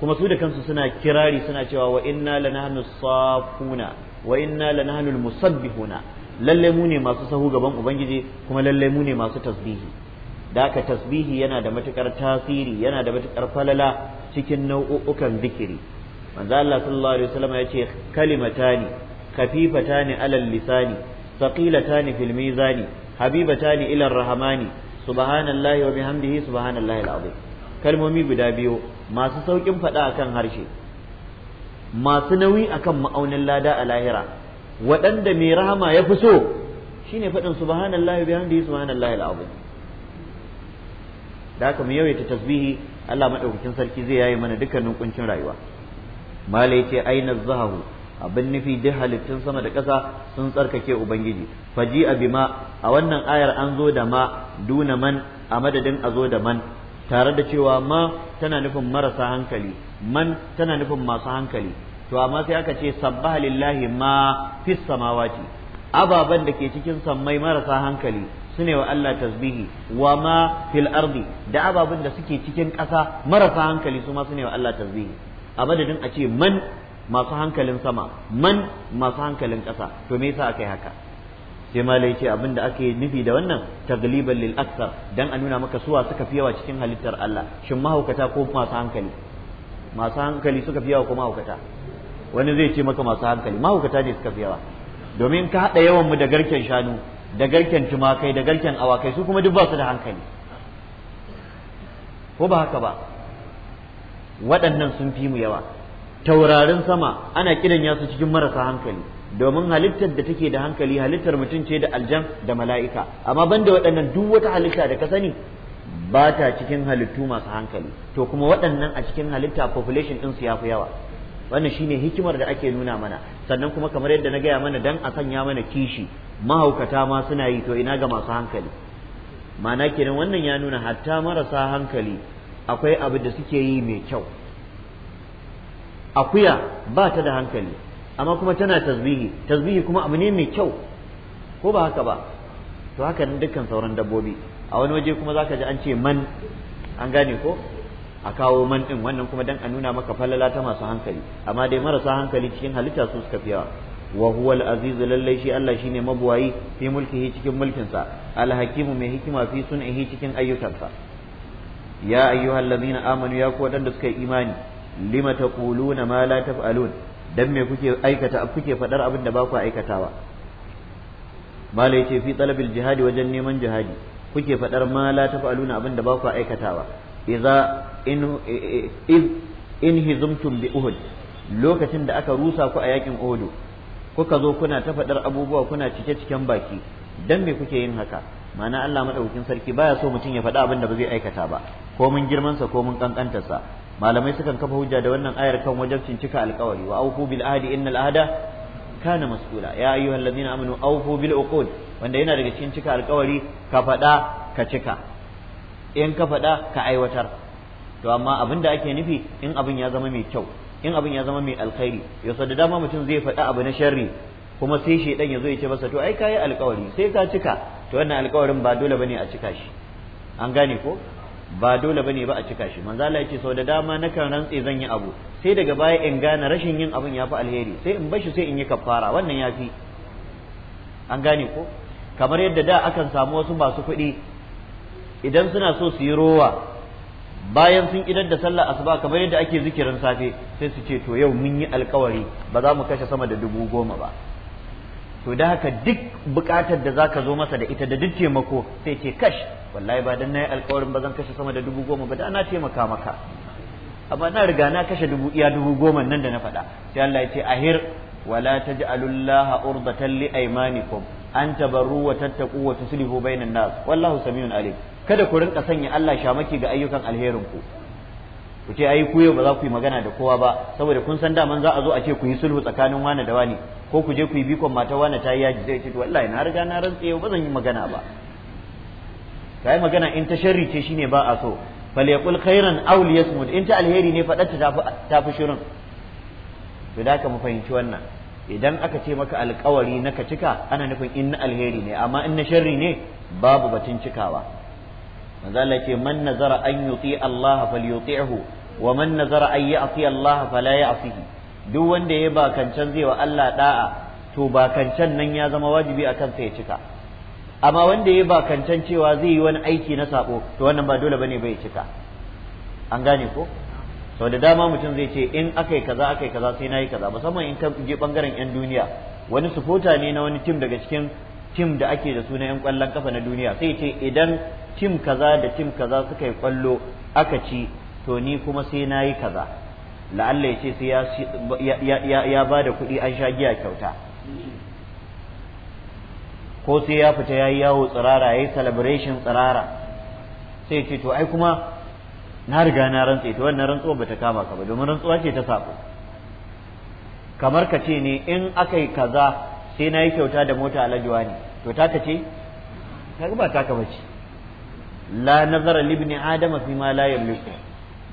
A: kuma su da kansu suna kirari suna cewa wa inna lanahnu safuna wa inna lanahnu musabbihuna lalle mu ne masu sahu gaban ubangiji kuma lalle mu ne masu tasbihi Daka tasbihi yana da matukar tasiri yana da matukar falala cikin nau'ukan zikiri manzo Allah sallallahu alaihi wasallam ya kalimatani khafifatani alal lisani thaqilatani fil mizani habibatani ila rahmani subhanallahi wa bihamdihi subhanallahi alazim kalmomi guda biyu masu saukin faɗa akan harshe masu nauyi akan ma'aunin lada a lahira waɗanda mai rahama ya fi so shine faɗin subhanallahi wa bihamdihi subhanallahi alazim da haka mu yawaita tasbihi Allah madaukakin sarki zai yaye mana dukkanin kuncin rayuwa mala yace aina zahahu abin nufi duk halittun sama da ƙasa sun tsarkake ubangiji faji abima a wannan ayar an zo da ma duna man a madadin a zo da man tare da cewa ma tana nufin marasa hankali man tana nufin masu hankali to amma sai aka ce sabbaha lillahi ma fis samawati ababan da ke cikin sammai marasa hankali su ne wa Allah tasbihi wa ma fil ardi da ababin da suke cikin ƙasa marasa hankali su ma su ne wa Allah tasbihi a madadin a ce man masu hankalin sama man masu hankalin ƙasa to me yasa aka yi haka sai malai ce abin da ake nufi da wannan tagliban lil aksar dan a nuna maka suwa suka fi yawa cikin halittar Allah shin mahaukata ko masu hankali masu hankali suka fi yawa ko mahaukata wani zai ce maka masu hankali mahaukata ne suka fi yawa domin ka haɗa yawan mu da garken shanu da garken tumakai da garken awakai su kuma duk ba su da hankali ko ba haka ba waɗannan sun fi mu yawa taurarin sama ana kiran ya su cikin marasa hankali domin halittar da take da hankali halittar mutum ce da aljan da mala'ika amma banda waɗannan duk wata halitta da ka sani ba ta cikin halittu masu hankali to kuma waɗannan a cikin halitta population ɗin su ya fi yawa wannan shine hikimar da ake nuna mana sannan kuma kamar yadda na gaya mana dan a sanya mana kishi mahaukata ma suna yi to ina ga masu hankali ma'ana kenan wannan ya nuna hatta marasa hankali akwai abu da suke yi mai kyau akuya ba ta da hankali amma kuma tana tasbihi tasbihi kuma abu ne mai kyau ko ba haka ba to haka nan dukkan sauran dabbobi a wani waje kuma zaka ji an ce man an gane ko a kawo man din wannan kuma dan a nuna maka falala ta masu hankali amma dai marasa hankali cikin halitta su suka fi yawa wa huwa al-aziz lallai shi Allah shine mabuwayi fi mulkihi cikin mulkinsa al-hakimu mai hikima fi sun'ihi cikin ayyukansa ya ayyuhallazina amanu ya ku wadanda suka yi imani lima taquluna ma la taf'alun dan me kuke aikata kuke fadar abin da ba ku aikatawa mala yace fi talabil jihadi wajen neman jihadi kuke fadar ma la taf'aluna abin da ba ku aikatawa idza in eh, eh, in hizumtum bi uhud lokacin da aka rusa ku a yakin uhud kuka zo kuna ta faɗar abubuwa kuna cike ciken baki dan me kuke yin haka mana Allah madaukakin sarki baya so mutum ya faɗi abin da ba zai aikata ba ko mun girman sa ko mun kankantar sa malamai sukan kafa hujja da wannan ayar kan wajabcin cika alƙawari wa awfu bil ahdi innal ahda kana mas'ula ya ayyuhallazina amanu awfu bil uqud wanda yana daga cikin cika alƙawari ka faɗa ka cika in ka faɗa ka aiwatar to amma abin da ake nufi in abin ya zama mai kyau in abin ya zama mai alkhairi yau da dama mutum zai faɗi abu na sharri kuma sai shaidan ya zo ya ce masa to ai kayi alkawari sai ka cika to wannan alkawarin ba dole bane a cika shi an gane ko ba dole bane ba a cika shi manzo Allah yace sau da dama na kan rantse zan yi abu sai daga baya in gane rashin yin abin ya yafi alheri sai in bashi sai in yi kafara wannan ya fi an gane ko kamar yadda da akan samu wasu masu kuɗi idan suna so su yi rowa bayan sun idar da sallar asuba kamar yadda ake zikirin safe sai su ce to yau mun yi alkawari ba za mu kashe sama da dubu goma ba to da haka duk bukatar da za ka zo masa da ita da duk taimako sai ce kash wallahi ba dan yi alkawarin ba zan kashe sama da dubu goma ba da ana taimaka maka amma na riga na kashe dubu iya dubu goma nan da na faɗa sai Allah ya ce ahir wala taj'alullaha urdatan li aymanikum an tabarru wa tattaqu wa tuslihu bainan nas wallahu samiun alim kada ku rinka sanya Allah shamaki ga ayyukan alherin ku ku ce ai ku yau ba za ku yi magana da kowa ba saboda kun san daman za a zo a ce ku yi sulhu tsakanin wani da wani ko ku je ku yi bikon mata wani ta yi yaji zai ce wallahi na riga na rantse yau ba zan yi magana ba kai magana in ta sharri ce shine ba a so yaqul khairan aw liyasmud in ta alheri ne fadar ta tafi shirin to da ka mu fahimci wannan idan aka ce maka alkawari na ka cika ana nufin in na alheri ne amma in na sharri ne babu batun cikawa manzo ce man nazara an yuti Allah falyuti'hu wa man nazara an ya'ti Allah fala ya'sihi duk wanda ya bakancan zai wa Allah da'a to bakancan nan ya zama wajibi akan sa ya cika amma wanda ya bakancan cewa zai yi wani aiki na sako to wannan ba dole bane bai cika an gane ko sau da dama mutum zai ce in aka yi kaza aka yi kaza sai na yi kaza musamman in ka je bangaren yan duniya wani sufota ne na wani tim daga cikin tim da ake da suna 'yan kwallon kafa na duniya sai ce idan tim kaza da tim kaza suka yi kwallo aka ci to ni kuma sai na yi kaza la'alla ya ce sai ya ba da kuɗi an sha giya kyauta ko sai ya fita ya yi yawo tsirara ya yi celebration tsirara sai ce to ai kuma na riga na rantse to wannan rantsuwa bata kama ka ba domin rantsuwa ce ta sako kamar ka ce ne in aka yi kaza sai na yi kyauta da mota alhaji ne to taka ce kaga ba taka bace la nazara libni adama fi ma la yamliku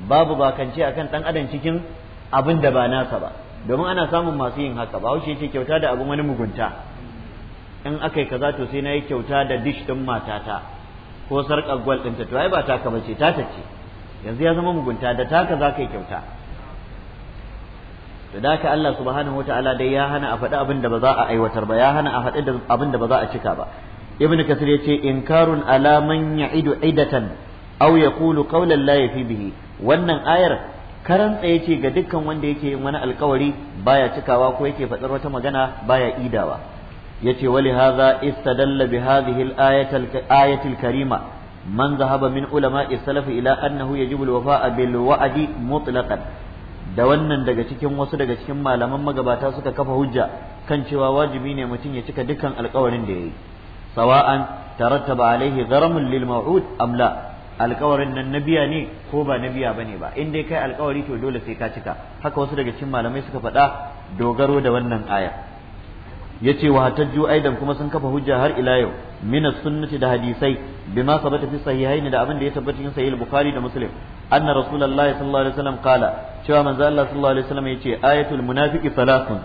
A: babu bakance akan dan adam cikin abin da ba nasa ba domin ana samun masu yin haka ba haushe ce kyauta da abin wani mugunta in aka yi kaza to sai na yi kyauta da dish din matata ko sarƙar gwal ɗinta to ai ba taka bace ta ce yanzu ya zama mugunta da taka za ka yi kyauta to da haka Allah subhanahu wataala dai ya hana a faɗi abin da ba za a aiwatar ba ya hana a faɗi abin da ba za a cika ba ibnu kasir yace inkarun ala man ya'idu idatan aw yaqulu qawlan la yafi bihi wannan ayar karan tsaye ce ga dukkan wanda yake yin wani alkawari baya cikawa ko yake faɗar wata magana baya idawa yace wali hadha istadalla bi hadhihi al-ayati karima man zahaba min ulama salaf ila annahu yajibu al-wafa'a bil wa'di mutlaqan da wannan daga cikin wasu daga cikin malaman magabata suka kafa hujja kan cewa wajibi ne mutum ya cika dukkan alkawarin da ya yi sawa'an tarattaba alaihi gharamun lil maw'ud am la alkawarin nan nabiya ne ko ba nabiya bane ba in dai kai alkawari to dole sai ka cika haka wasu daga cikin malamai suka faɗa dogaro da wannan aya yace wa hatajju aidan kuma sun kafa hujja har ila yau min sunnati da hadisai bima sabata fi sahihain da abin da ya tabbata cikin sahih bukhari da muslim anna rasulullahi sallallahu alaihi wasallam qala cewa manzo Allah sallallahu alaihi wasallam yace ayatul munafiqi salasun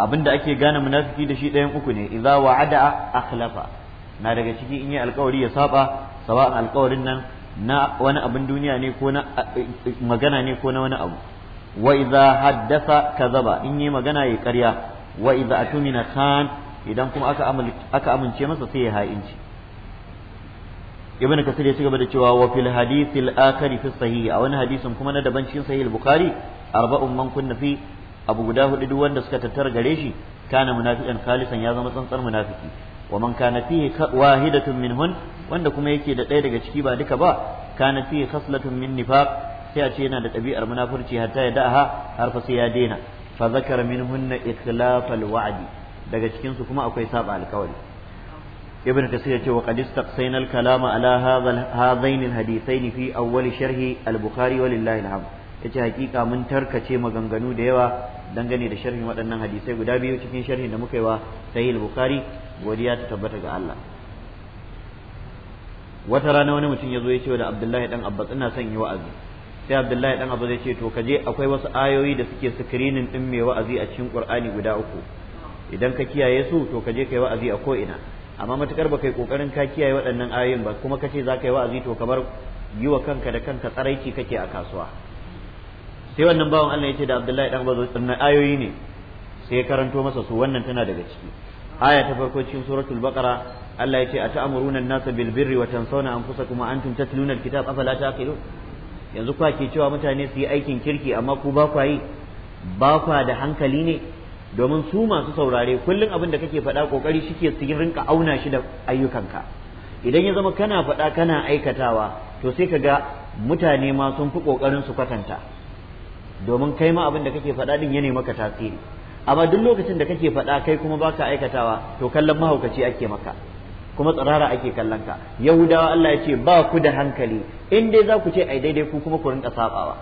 A: abinda ake gane munafiki da shi ɗayan uku ne idza wa'ada akhlafa na daga ciki in yi alkawari ya saba sawa'an alkawarin nan na wani abin duniya ne ko na magana ne ko na wani abu wa idza haddasa kazaba in yi magana ya karya wa idza atumina khan idan kuma aka aka amince masa sai ya ha'inci ibnu kasir ya cigaba da cewa wa fil hadith al akhir fi sahih a wani hadisin kuma na daban cikin sahih al bukhari arba'un man kunna fi abu guda hudu duk wanda suka tattara gare shi kana munafiqan khalisan ya zama tsantsar munafiki wa man kana fihi wahidatun minhun wanda kuma yake da ɗaya daga ciki ba duka ba kana fihi khaslatun min nifaq sai a ce yana da ɗabi'ar munafurci hatta ya da'aha har fa sai ya daina fa zakara minhunna ikhlafal wa'di daga cikin su kuma akwai saba alkawari ibn kasir yace wa qad istaqsayna al kalama ala hadha hadain al fi awwal sharhi al bukhari walillahi alhamd yace hakika mun tarkace maganganu da yawa dangane da sharhin waɗannan hadisai guda biyu cikin sharhin da muka yi wa ta al bukhari godiya ta tabbata ga Allah wata rana wani mutum ya zo ya ce da Abdullahi dan Abbas ina son yi wa'azi sai abdullahi dan abu zai ce to kaje akwai wasu ayoyi da suke sikirinin din mai wa'azi a cikin qur'ani guda uku idan ka kiyaye su to kaje kai wa'azi a ko ina amma matukar ba kai kokarin ka kiyaye waɗannan ayoyin ba kuma kace za ka yi wa'azi to kamar yi wa kanka da kanka tsaraici kake a kasuwa sai wannan bawan Allah ya ce da abdullahi dan abu zai ayoyi ne sai ya karanto masa su wannan tana daga ciki aya ta farko cikin suratul baqara Allah ya ce ata'muruna an-nasa bil birri wa tansawna anfusakum wa antum tatluna al-kitab afala ta'qilun yanzu kwa ke cewa mutane su yi aikin kirki amma ku ba kwa yi ba kwa da hankali ne domin su masu saurare kullum abin da kake faɗa kokari shike su rinka auna shi da ayyukanka idan ya zama kana faɗa kana aikatawa to sai ka ga mutane ma sun fi ƙoƙarin su kwatanta domin kai ma abin da kake faɗa din ya maka tasiri amma duk lokacin da kake faɗa kai kuma baka aikatawa to kallon mahaukaci ake maka kuma tsirara ake kallon ka yahudawa Allah ya ce ba ku da hankali in dai za ku ce ai daidai ku kuma ku rinka sabawa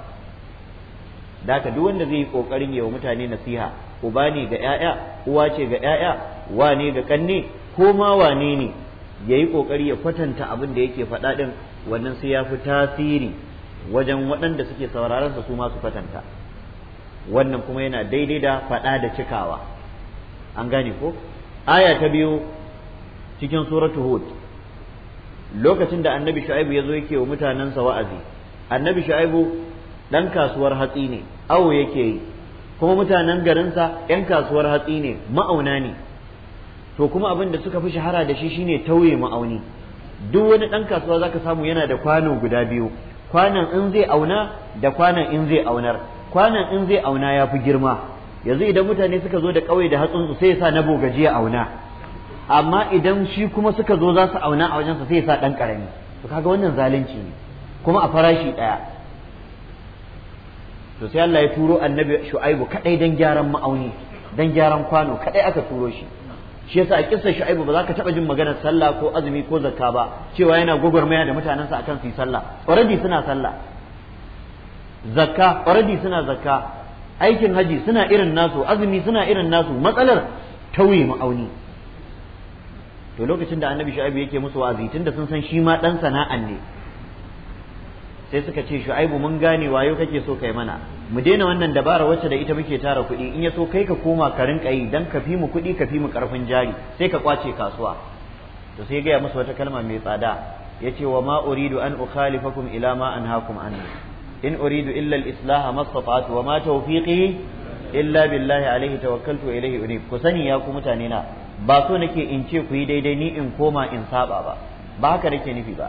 A: da ka duk wanda zai yi kokarin yawa mutane nasiha uba ne ga yaya uwa ce ga yaya wane ga kanne ko ma wane ne yayi kokari ya kwatanta abin da yake faɗa din wannan sai ya fi tasiri wajen waɗanda suke sauraron sa su ma su kwatanta wannan kuma yana daidai da faɗa da cikawa an gane ko aya ta biyu cikin suratu hud lokacin da annabi shu'aibu ya zo yake wa mutanensa wa'azi annabi shu'aibu dan kasuwar hatsi ne awo yake yi kuma mutanen garinsa ɗan kasuwar hatsi ne ma'auna ne to kuma abin da suka fi shahara da shi shine tauye ma'auni duk wani ɗan kasuwa zaka samu yana da kwano guda biyu kwanan in zai auna da kwanan in zai aunar kwanan in zai auna ya fi girma yanzu idan mutane suka zo da ƙauye da hatsinsu sai ya sa na bogaji ya auna amma idan shi kuma suka zo za su auna a wajensa sai ya sa ɗan ƙarami to kaga wannan zalunci ne kuma a farashi ɗaya to sai Allah ya turo annabi shu'aibu kadai dan gyaran ma'auni don gyaran kwano kadai aka turo shi shi yasa a kissa shu'aibu ba za ka taba jin maganar sallah ko azumi ko zakka ba cewa yana gwagwarmaya da mutanensa akan su yi sallah already suna sallah zakka already suna zakka aikin haji suna irin nasu azumi suna irin nasu matsalar tauye ma'auni to lokacin da annabi shu'aibu yake musu wa'azi da sun san shi ma dan sana'an ne sai suka ce shu'aibu mun gane wayo kake so kai mana mu daina wannan dabara wacce da ita muke tara kuɗi in ya so kai ka koma ka rinka yi dan ka fi mu kuɗi ka fi mu karfin jari sai ka kwace kasuwa to sai gaya musu wata kalma mai tsada yace wa ma uridu an ukhalifakum ila ma anhaakum anhu in uridu illa al-islah ma wa ma tawfiqi illa billahi alayhi tawakkaltu wa ilayhi unib ku sani ya ku mutane na ba so nake in ce ku yi daidai ni in koma in saba ba ba haka nake nufi ba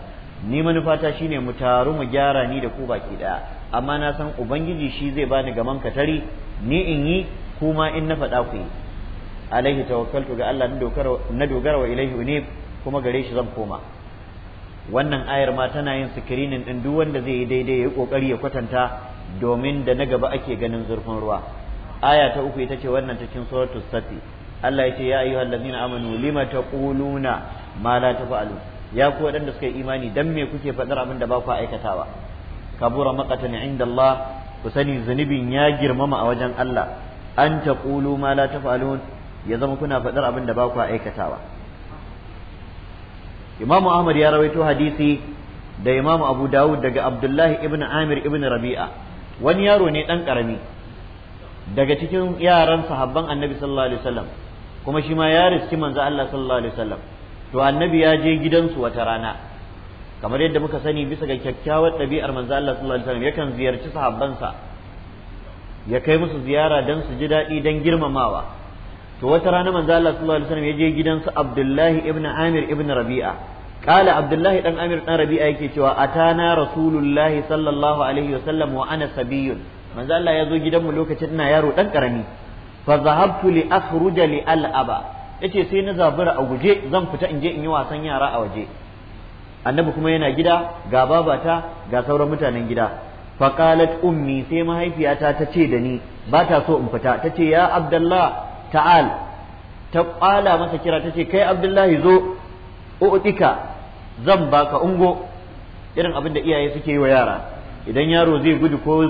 A: ni manufata shine mu taru mu gyara ni da ku baki daya amma na san ubangiji shi zai bani gaman katari ni in yi kuma in na faɗa ku yi alaihi tawakkaltu ga Allah na dogara wa ilaihi ne kuma gare shi zan koma wannan ayar ma tana yin sikirinin din duk wanda zai yi daidai ya yi kokari ya kwatanta domin da na gaba ake ganin zurfin ruwa aya ta uku ita ce wannan cikin suratul safi Allah ya ce ya ayyuhal ladzina amanu lima taquluna ma la taf'alu ya ku waɗanda suka yi imani dan me kuke faɗar abin da ba ku aikatawa kabura maqatan inda Allah ku sani zunubin ya girmama a wajen Allah an taqulu ma la taf'alun ya zama kuna faɗar abin da ba ku aikatawa Imam Ahmad ya rawaito hadisi da Imam Abu Dawud daga Abdullahi ibn Amir ibn Rabi'a wani yaro ne dan karami daga cikin yaran sahabban Annabi sallallahu alaihi wasallam kuma shi ma ya riski manzo Allah sallallahu alaihi wasallam to annabi ya je gidansu wata rana kamar yadda muka sani bisa ga kyakkyawar ɗabi'ar manzo Allah sallallahu alaihi wasallam yakan ziyarci sahabbansa ya kai musu ziyara dan su ji daɗi dan girmamawa to wata rana manzo Allah sallallahu alaihi wasallam ya je gidansu Abdullahi ibn Amir ibn Rabi'a qala Abdullahi dan Amir dan Rabi'a yake cewa atana Rasulullahi sallallahu alaihi wasallam wa ana sabiyun manzo Allah ya zo gidanmu lokacin ina yaro dan karami fa zahabtu li akhruja li yace sai na zabura a guje zan fita in je in yi wasan yara a waje annabi kuma yana gida ga babata ga sauran mutanen gida fa ummi sai mahaifiyata ta ce da ni ba ta so in fita ta ce ya abdullah ta'al ta kwala masa kira ta ce kai abdullahi zo u'tika zan baka ungo irin abin da iyaye suke yi wa yara idan yaro zai gudu ko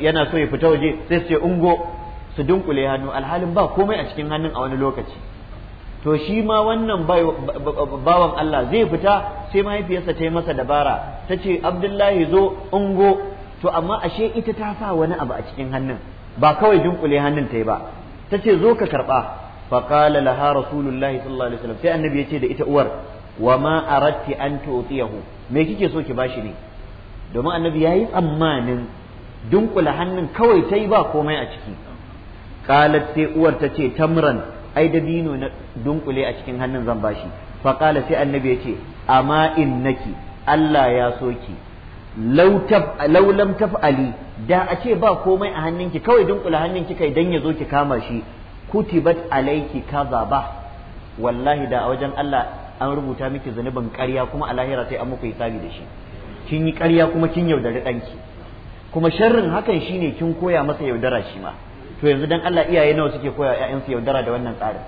A: yana so ya fita waje sai su ce ungo su dunkule hannu alhalin ba komai a cikin hannun a wani lokaci to shi ma wannan bawan Allah zai fita sai mahaifiyarsa ta yi masa dabara ta ce abdullahi zo ungo to amma ashe ita ta sa wani abu a cikin hannun ba kawai dunkule hannun ta yi ba ta ce zo ka karɓa faƙala laha rasulullahi sallallahu alaihi wasallam sai annabi ya ce da ita uwar wa ma aratti an tu'tiyahu me kike so ki bashi ne domin annabi yayi tsammanin dunkula hannun kawai ta yi ba komai a ciki qalat sai uwar ta ce tamran ai dabino na dunkule a cikin hannun zan bashi fa qala sai annabi ya ce amma innaki Allah ya so ki law lam taf'ali da a ce ba komai a hannunki kawai hannun hannunki kai dan ya zo ki kama shi kutibat alayki kaza ba wallahi da a wajen Allah an rubuta miki zunubin ƙarya kuma a lahira sai an muku hisabi da shi kin yi ƙarya kuma kin yaudari ɗanki kuma sharrin hakan shine kin koya masa yaudara shi ma to yanzu dan Allah iyaye nawa suke koya wa ƴaƴansu yaudara da wannan tsarin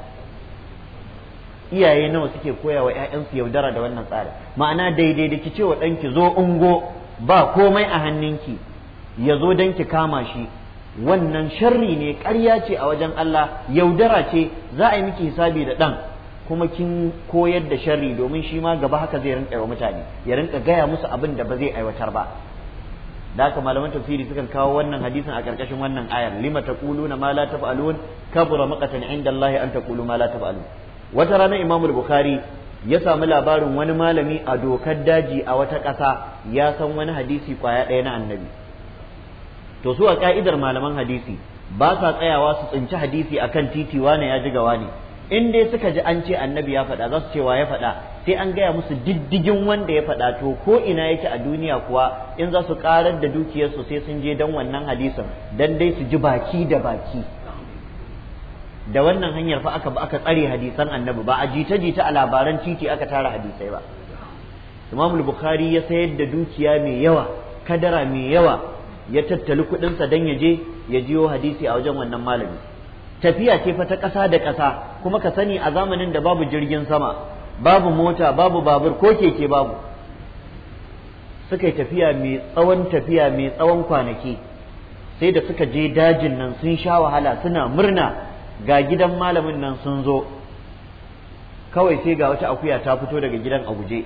A: iyaye nawa suke koya wa ƴaƴansu yaudara da wannan tsarin ma'ana daidai da ki cewa wa ɗanki zo ungo ba komai a hannunki ya zo dan ki kama shi wannan sharri ne ƙarya ce a wajen Allah yaudara ce za a yi miki hisabi da ɗan kuma kin koyar da sharri domin shi ma gaba haka zai rinka wa mutane ya rinka gaya musu abin da ba zai aiwatar ba da haka malaman tafsiri sukan kawo wannan hadisin a karkashin wannan ayar lima taquluna ma la taf'alun kabura maqatan inda Allah an taqulu ma la taf'alun wata rana imamu Bukhari ya samu labarin wani malami a dokar daji a wata ƙasa ya san wani hadisi kwaya ɗaya na annabi to su a ka'idar malaman hadisi ba sa tsayawa su tsinci hadisi akan titi wane ya ji gawa ne in dai suka ji an ce annabi ya faɗa za su cewa ya faɗa sai an gaya musu diddigin wanda ya faɗa to ko ina yake a duniya kuwa in za su karar da dukiyarsu sai sun je don wannan hadisin dan dai su ji baki da baki da wannan hanyar fa aka aka tsare hadisan annabi ba a jita jita a labaran titi aka tara hadisai ba Imam Bukhari ya sayar da dukiya mai yawa kadara mai yawa ya tattali kuɗinsa don ya je ya jiyo hadisi a wajen wannan malami tafiya ce fa ta ƙasa da ƙasa kuma ka sani a zamanin da babu jirgin sama babu mota babu babur ko keke babu suka tafiya mai tsawon tafiya mai tsawon kwanaki sai da suka je dajin nan sun sha wahala suna murna ga gidan malamin nan sun zo kawai sai ga wata akuya ta fito daga gidan a guje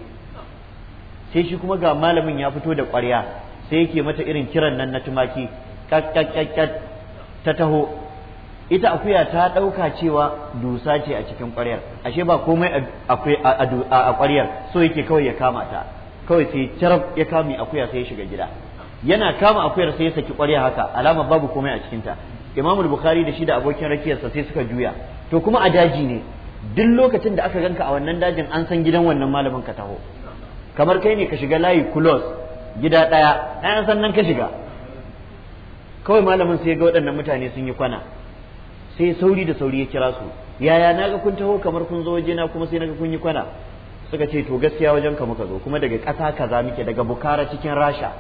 A: sai shi kuma ga malamin ya fito da ƙwarya sai yake mata irin kiran nan na tumaki kakkakkakkat ta taho ita akuya ta ɗauka cewa dusa ce a cikin ƙwaryar ashe ba komai a ƙwaryar so yake kawai ya kama ta kawai sai carab ya kame akuya sai ya shiga gida yana kama akuyar sai ya saki ƙwarya haka alama babu komai a cikinta imamul bukhari da shi da abokin rakiyarsa sai suka juya to kuma a daji ne duk lokacin da aka ganka a wannan dajin an san gidan wannan malamin ka taho kamar kai ne ka shiga layi kulos gida ɗaya ɗaya sannan ka shiga kawai malamin sai ya ga waɗannan mutane sun yi kwana sai sauri da sauri ya kira su yaya ga kun taho kamar kun zo waje na kuma sai naga kun yi kwana suka ce to gaskiya wajen ka muka zo kuma daga ƙasa kaza muke daga Bukara cikin Rasha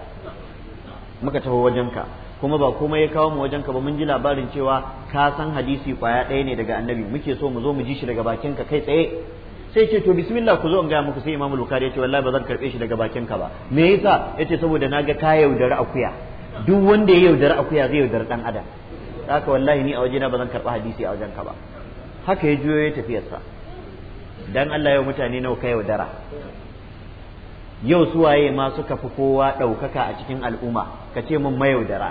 A: muka taho wajen ka kuma ba komai ya kawo mu wajen ka ba mun ji labarin cewa ka san hadisi kwaya ɗaya ne daga annabi muke so mu zo mu ji shi daga bakin ka kai tsaye sai ce to bismillah ku zo in gaya muku sai imamu bukari ya ce wallahi ba zan karbe shi daga bakin ka ba me yasa yace saboda naga ka yaudara akuya duk wanda ya yaudari akuya zai yaudara dan adam haka wallahi ni a wajena ba zan karɓa hadisi a wajen ka ba haka ya juyo ya tafiyarsa dan Allah yau mutane nawa kai yaudara yau suwaye ma suka fi kowa ɗaukaka a cikin al'umma ka ce mun mayaudara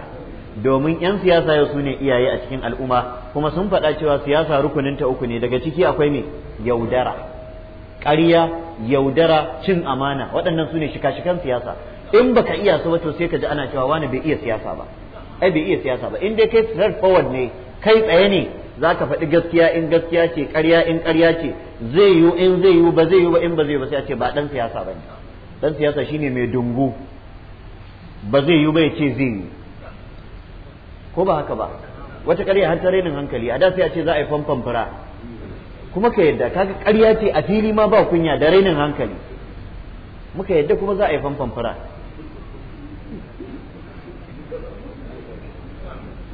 A: domin 'yan siyasa yau su ne iyaye a cikin al'umma kuma sun faɗa cewa siyasa rukunin ta uku ne daga ciki akwai me yaudara ƙarya yaudara cin amana waɗannan su ne shika-shikan siyasa in baka iya su ba to sai ka ji ana cewa wani bai iya siyasa ba ai bai iya siyasa ba in dai kai straight forward ne kai tsaye ne za ka faɗi gaskiya in gaskiya ce ƙarya in ƙarya ce zai yiwu in zai yiwu ba zai yiwu ba in ba zai yiwu ba sai a ce ba ɗan siyasa ba ne ɗan siyasa shine mai dungu ba zai yiwu ba ya ce zai yi. ko ba haka ba wata ƙarya har ta renin hankali a da sai a ce za a yi famfan fura kuma ka yadda kaga ƙarya ce a fili ma ba kunya da rainin hankali muka yadda kuma za a yi famfan fura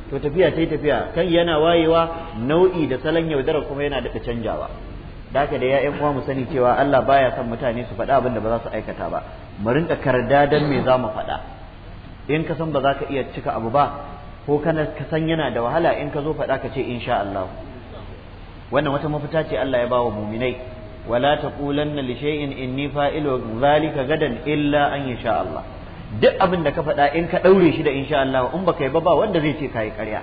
A: to tafiya ta yi tafiya kan yana wayewa nau'i da salon yaudara kuma yana daɗa canjawa da haka da ya'yan uwa mu sani cewa Allah baya son mutane su faɗa abin da ba za su aikata ba mu rinka karda dan me za mu faɗa in ka san ba za ka iya cika abu ba ko kana ka san yana da wahala in ka zo faɗa ka ce insha Allah wannan wata mafita ce Allah ya bawa muminai wala taqulanna li shay'in inni fa'ilu dhalika gadan illa an yasha Allah duk abin da ka faɗa in ka ɗaure shi da insha Allah in baka yi ba ba wanda zai ce kayi ƙarya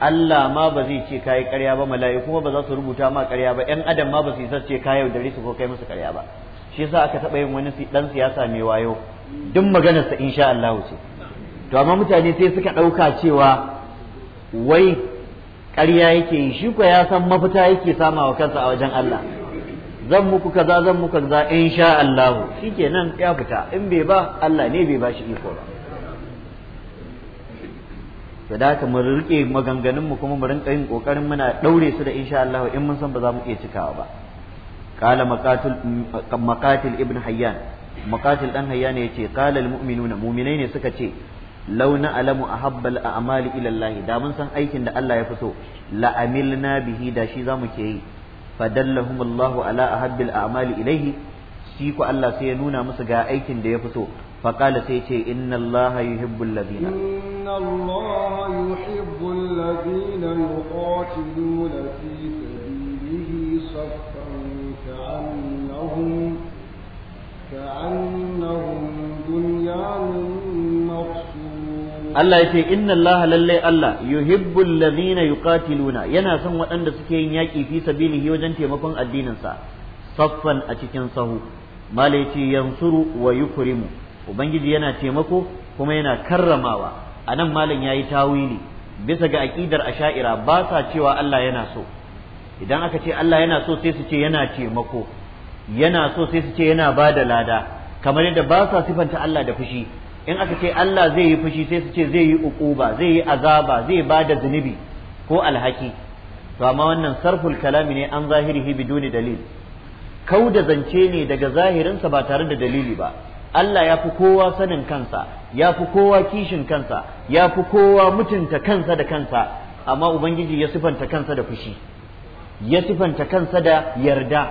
A: Allah ma ba zai ce kayi ƙarya ba mala'iku ba za su rubuta ma ƙarya ba ƴan adam ma ba su isa ce kayi da su ko kai musu ƙarya ba shi yasa aka taɓa yin wani ɗan siyasa mai wayo duk maganarsa insha Allah ce to amma mutane sai suka ɗauka cewa wai ƙarya yake yi shi ko ya san mafita yake samawa kansa a wajen Allah zan muku kaza zan muku kaza insha Allah shikenan ya fita in bai ba Allah ne bai ba shi iko ba to da haka mu rike maganganun mu kuma mu rinka yin kokarin muna daure su da insha Allahu in mun san ba za mu iya cikawa ba qala maqatil maqatil ibn hayyan maqatil dan hayyan yace qala al mu'minuna mu'minai ne suka ce law na alamu a al a'mali ila Allah da mun san aikin da Allah ya fi so la amilna bihi da shi zamu ke yi fadallahum Allahu ala ahabbil a'mali ilaihi siku Allah sai ya nuna musu ga aikin da ya fito فقال سيتي إن الله يحب الذين
B: إن الله يحب الذين يقاتلون في سبيله صفا كأنهم كأنهم بنيان Allah ya ce
A: inna Allah lalle Allah yuhibbul ladina yuqatiluna yana son waɗanda suke yin yaƙi fi sabilihi wajen taimakon addinin sa saffan a cikin sahu mala yace yansuru wa yukrimu ubangiji yana taimako kuma yana karramawa anan malam yayi tawili bisa ga aqidar asha'ira ba sa cewa Allah yana so idan aka ce Allah yana so sai su ce yana taimako yana so sai su ce yana bada lada kamar yadda ba sa sifanta Allah da fushi in aka ce Allah zai yi fushi sai su ce zai yi uquba zai yi azaba zai ba da zunubi ko alhaki to amma wannan sarful kalami ne an zahirihi biduni dalil kau da zance ne daga zahirinsa ba tare da dalili ba Allah ya fi kowa sanin kansa ya fi kowa kishin kansa ya fi kowa mutunta kansa da kansa amma ubangiji ya sifanta kansa da fushi ya sifanta kansa da yarda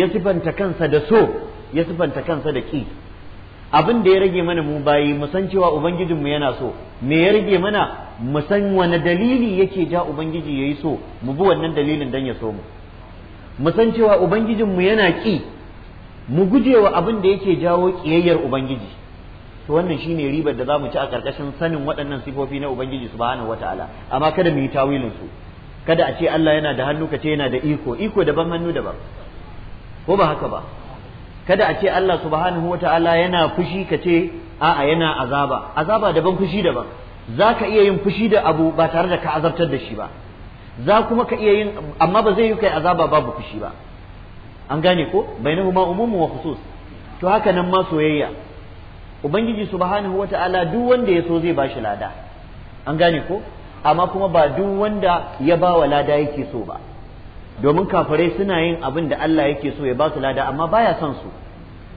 A: ya sifanta kansa da so ya sifanta kansa da ƙi abin da ya rage mana mu bayi mu san cewa ubangijinmu yana so me ya rage mana mu san wani dalili yake ja ubangiji yayi so mu bi wannan dalilin dan ya so mu mu san cewa ubangijinmu yana ki mu gujewa abin da yake jawo kiyayyar ubangiji to wannan shine ribar da za mu ci a karkashin sanin waɗannan sifofi na ubangiji subhanahu wataala amma kada mu yi tawilin su kada a ce Allah yana da hannu ka ce yana da iko iko daban hannu daban ko ba haka ba kada a ce Allah subhanahu wataala yana fushi ka ce a'a yana azaba azaba daban fushi daban za ka iya yin fushi da abu ba tare da ka azabtar da shi ba za kuma ka iya yin amma ba zai yi kai azaba babu fushi ba an gane ko bainahuma umumu wa khusus to haka nan ma soyayya ubangiji subhanahu wataala duk wanda ya so zai ba shi lada an gane ko amma kuma ba duk wanda ya ba wa lada yake so ba domin kafirai suna yin abin da Allah yake so ya ba su lada amma baya son su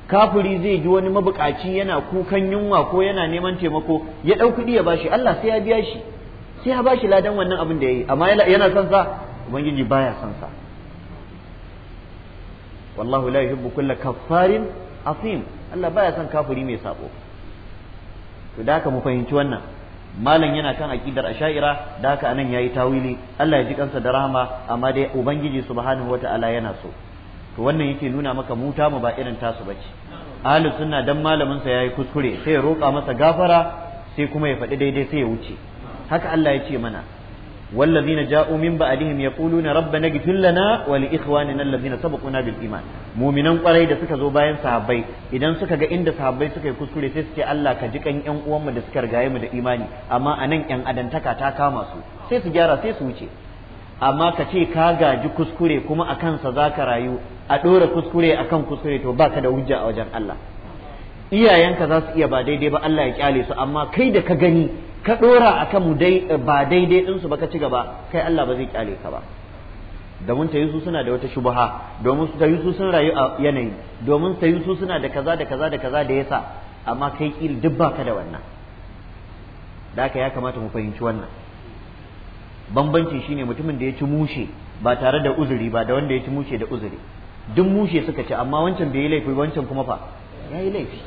A: kafiri zai ji wani mabukaci yana kukan yunwa ko yana neman taimako ya ɗau kuɗi ya bashi Allah sai ya biya shi sai ya bashi ladan wannan abin da ya yi amma yana son sa ubangiji baya son sa wallahu la yuhibbu kulla kaffarin asim Allah baya son kafiri mai sabo to da haka mu fahimci wannan malam yana kan aqidar asha'ira da haka anan yayi tawili Allah ya ji kansa da rahama amma dai ubangiji subhanahu wataala yana so to wannan yake nuna maka muta mu ba irin tasu bace ahli sunna dan malamin sa yayi kuskure sai ya roƙa masa gafara sai kuma ya faɗi daidai sai ya wuce haka Allah ya ce mana والذين جاءوا من بعدهم يقولون ربنا اغفر لنا ولاخواننا الذين سبقونا بالايمان مؤمنان kwarai da suka zo bayan sahabbai idan suka ga inda sahabbai suka yi kuskure sai suke Allah ka ji kan yan uwanmu da suka rigaye mu da imani amma anan ƴan adantaka ta kama su sai su gyara sai su wuce amma ka ce ka gaji kuskure kuma a kansa za ka rayu a ɗora kuskure a kan kuskure to baka da hujja a wajen Allah iyayenka za su iya ba daidai ba Allah ya kyale su amma kai da ka gani ka dora akan mu dai eh, ba daidai din su ba ka ci gaba kai Allah ba zai kyale ka ba domin ta yusu suna da wata shubaha domin ta yusu sun rayu a yanayi domin ta yusu suna da kaza da kaza da kaza da yasa amma kai kil duk ka da wannan da haka ya kamata mu fahimci wannan bambanci shine mutumin da ya ci mushe ba tare da uzuri ba da wanda ya ci mushe da uzuri duk mushe suka ci amma wancan bai yi laifi wancan kuma fa ya yi laifi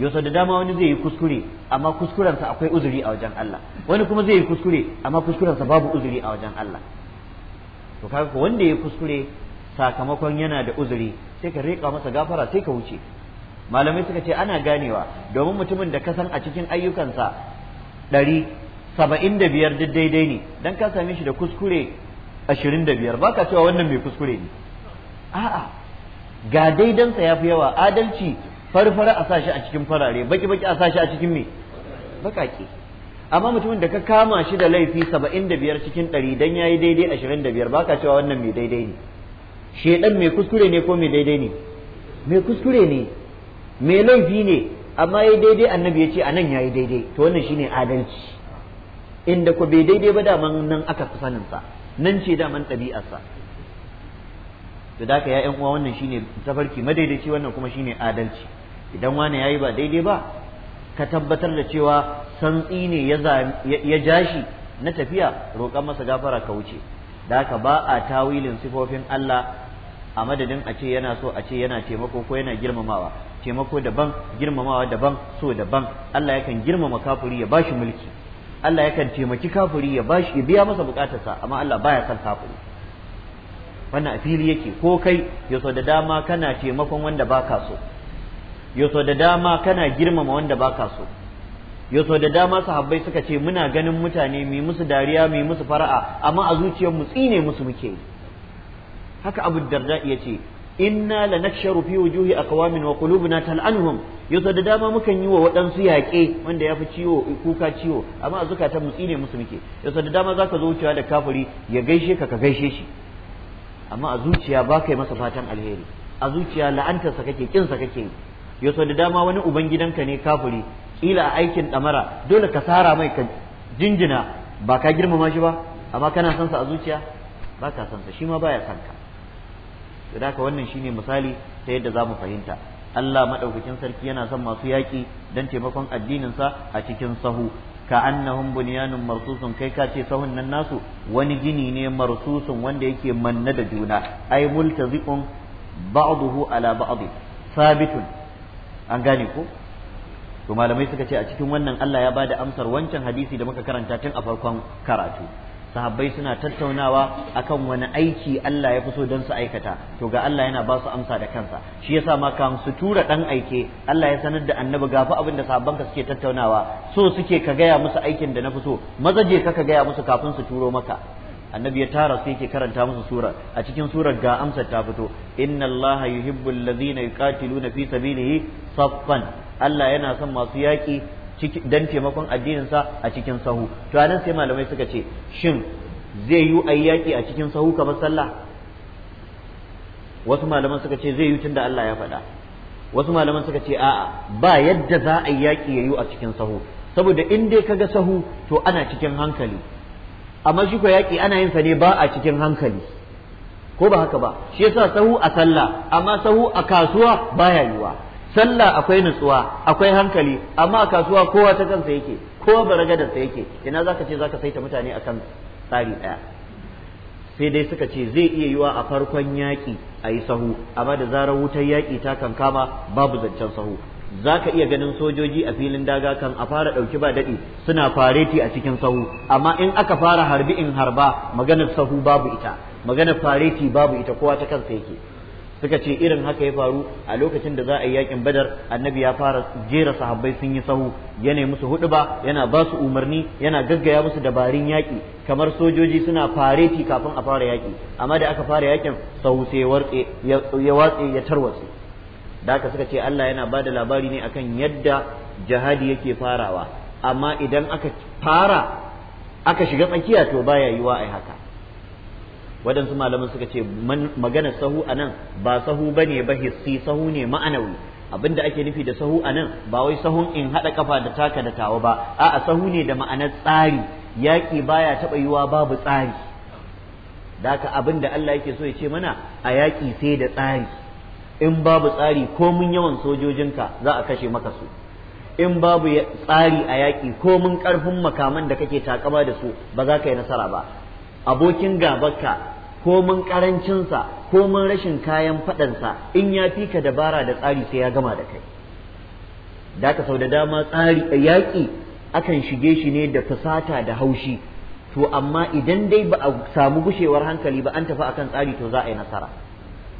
A: yau da dama wani zai yi kuskure amma kuskurensa akwai uzuri a wajen Allah wani kuma zai yi kuskure amma kuskurensa babu uzuri a wajen Allah to kaga ko wanda ya yi kuskure sakamakon yana da uzuri sai ka rika masa gafara sai ka wuce malamai suka ce ana ganewa domin mutumin da ka san a cikin ayyukansa ɗari saba'in da biyar daidai ne don ka same shi da kuskure ashirin da biyar ba ka cewa wannan mai kuskure ne a'a ga daidansa ya fi yawa adalci farfara a sashi a cikin farare baki baki a sashi a cikin me bakaki amma mutumin da ka kama shi da laifi saba'in da biyar cikin ɗari dan yayi daidai ashirin da biyar baka cewa wannan mai daidai ne Shaidan mai kuskure ne ko mai daidai ne mai kuskure ne mai laifi ne amma yayi daidai annabi ya ce a nan yayi daidai to wannan shine adalci inda ko bai daidai ba daman nan aka fi saninsa nan ce daman ɗabi'arsa da ka ya uwa wannan shine tafarki madaidaici wannan kuma shine adalci idan wani ya yi ba daidai ba ka tabbatar da cewa santsi ne ya ja shi na tafiya roƙon masa gafara ka wuce da haka ba a tawilin sifofin Allah a madadin a ce yana so a ce yana taimako ko yana girmamawa taimako daban girmamawa daban so daban Allah yakan girmama kafuri ya ba shi mulki Allah yakan taimaki kafuri ya shi ya biya masa bukatarsa amma Allah baya son kafuri wannan a fili yake ko kai ya da dama kana taimakon wanda baka so yoso da dama kana girmama wanda baka so yoso da dama sahabbai suka ce muna ganin mutane mu musu dariya mu musu fara'a amma a zuciyar mu tsine musu muke haka abu darda ya ce inna lanaksharu fi wujuhi aqwamin wa qulubuna tal'anuhum yoso da dama mukan yi wa wadansu yaƙe wanda yafi ciwo kuka ciwo amma a zukatan mu tsine musu muke yoso da dama zaka zo wucewa da kafiri ya gaishe ka ka gaishe shi amma a zuciya ba kai masa fatan alheri a zuciya la'antarsa kake kinsa kake yi ya so da dama wani ubangidanka ne kafuri kila a aikin ɗamara dole ka sara mai ka jinjina ba ka girmama shi ba amma kana son sa a zuciya ba ka son sa shi ma baya son ka to da wannan shine misali ta yadda za mu fahimta Allah madaukakin sarki yana son masu yaƙi don taimakon addininsa a cikin sahu ka annahum bunyanun marsusun kai ka ce sahun nan nasu wani gini ne marsusun wanda yake manna da juna ai multaziqun ba'dahu ala ba'd sabitun an gane ko to malamai suka ce a cikin wannan Allah ya bada amsar wancan hadisi da muka karanta tun a farkon karatu sahabbai suna tattaunawa akan wani aiki Allah ya fi so don su aikata to ga Allah yana ba su amsa da kansa shi yasa ma kan su tura dan aike Allah ya sanar da annabi gafi abin da ka suke tattaunawa so suke ka gaya musu aikin da na fi so mazaje ka ka gaya musu kafin su turo maka annabi ya tara sai yake karanta musu sura a cikin surar ga amsar ta fito inna allaha yuhibbu alladhina yuqatiluna fi sabilihi saffan Allah yana son masu yaki dan taimakon addinin sa a cikin sahu to anan sai malamai suka ce shin zai yi ayyaki a cikin sahu kamar sallah wasu malaman suka ce zai yi tunda Allah ya faɗa wasu malaman suka ce a'a ba yadda za a yaki yayu a cikin sahu saboda in dai kaga sahu to ana cikin hankali amma shi ko yaƙi ana yin sa ne ba a cikin hankali ko ba haka ba shi yasa sahu a sallah amma sahu a kasuwa baya yiwa sallah akwai nutsuwa akwai hankali amma a kasuwa kowa ta kansa yake kowa sa yake ina zaka ce zaka saita mutane akan tsari ɗaya sai dai suka ce zai iya yiwa a farkon yaƙi ayi yi sahu amma da zarar wutar yaƙi ta kankama babu zancen sahu za ka iya ganin sojoji a filin daga kan a fara ɗauki ba daɗi suna fareti a cikin sahu amma in aka fara harbi in harba maganar sahu babu ita maganar fareti babu ita kowa ta kansa yake suka ce irin haka ya faru a lokacin da za a yi yakin badar annabi ya fara jera sahabbai sun yi sahu yana musu hudu ba yana ba su umarni yana gaggaya musu dabarun yaƙi kamar sojoji suna fareti kafin a fara yaƙi amma da aka fara yakin sahu sai ya watse ya tarwatse da haka suka ce Allah yana ba da labari ne akan yadda jihadi yake farawa amma idan aka fara aka shiga tsakiya to baya yiwa ai haka waɗansu malaman suka ce magana sahu anan ba sahu ba ba hissi sahu ne ma'anawi abinda ake nufi da sahu anan, ba wai sahun in haɗa kafa da taka da tawa ba a'a sahu ne da ma'anar tsari yaƙi baya taɓa yiwa babu tsari da haka abin da Allah yake so ya ce mana a yaƙi sai da tsari in babu tsari ko mun yawan sojojinka za a kashe maka su in babu tsari a yaƙi ko mun ƙarfin makaman da kake takama da su ba za ka yi nasara ba abokin gabarka ko mun ƙarancinsa ko mun rashin kayan faɗansa in ya fi ka dabara da tsari sai ya gama da kai da ka sau da dama tsari a yaƙi akan shige shi ne da fusata da haushi to amma idan dai ba a samu gushewar hankali ba an tafi akan tsari to za a yi nasara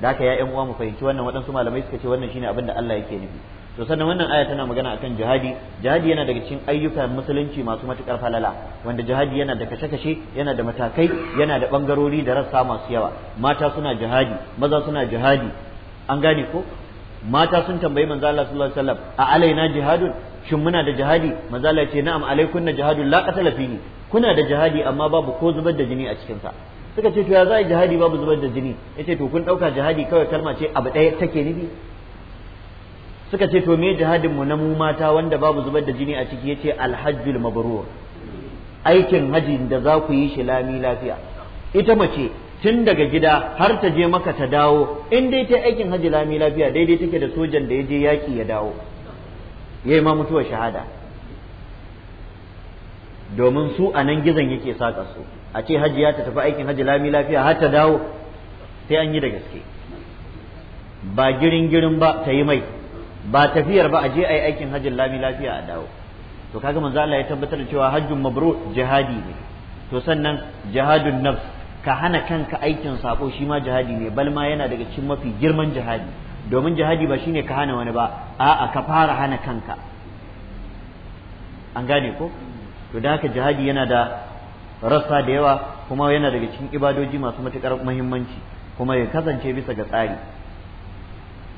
A: da haka ya yan uwa mu fahimci wannan waɗansu malamai suka ce wannan shine abin da Allah yake nufi to sannan wannan aya tana magana akan jihadi jihadi yana daga cikin ayyukan musulunci masu matukar falala wanda jihadi yana da kashe-kashe yana da matakai yana da bangarori da rassa masu yawa mata suna jihadi maza suna jihadi an gane ko mata sun tambayi manzo Allah sallallahu alaihi wasallam a alaina jihadun shin muna da jihadi manzo Allah ce na'am alaikunna jihadun la qatala fihi kuna da jihadi amma babu ko zubar da jini a cikin sa suka ce to ya za jihadi babu zubar da jini yace to kun dauka jihadi kawai kalma ce abu ɗaya take nufi suka ce to me jihadin mu na mu mata wanda babu zubar da jini a ciki yace alhajjul mabrur aikin hajji da za ku yi shi lami lafiya ita mace tun daga gida har ta je maka ta dawo in dai ta aikin haji lami lafiya daidai take da sojan da ya je yaki ya dawo yayi ma mutuwar shahada domin su a nan gizon yake saka su a ce hajiya ta tafi aikin hajji lami lafiya har ta dawo sai an yi da gaske ba girin girin ba ta yi mai ba tafiyar ba a je a yi aikin hajji lami lafiya a dawo to kaga manzo Allah ya tabbatar da cewa hajjun mabrur jihadi ne to sannan jihadun nafs ka hana kanka aikin sako shi ma jihadi ne bal ma yana daga cikin mafi girman jihadi domin jihadi ba shine ka hana wani ba a'a ka fara hana kanka an gane ko to da haka jihadi yana da rassa da yawa kuma yana daga cikin ibadoji masu matuƙar muhimmanci kuma ya kasance bisa ga tsari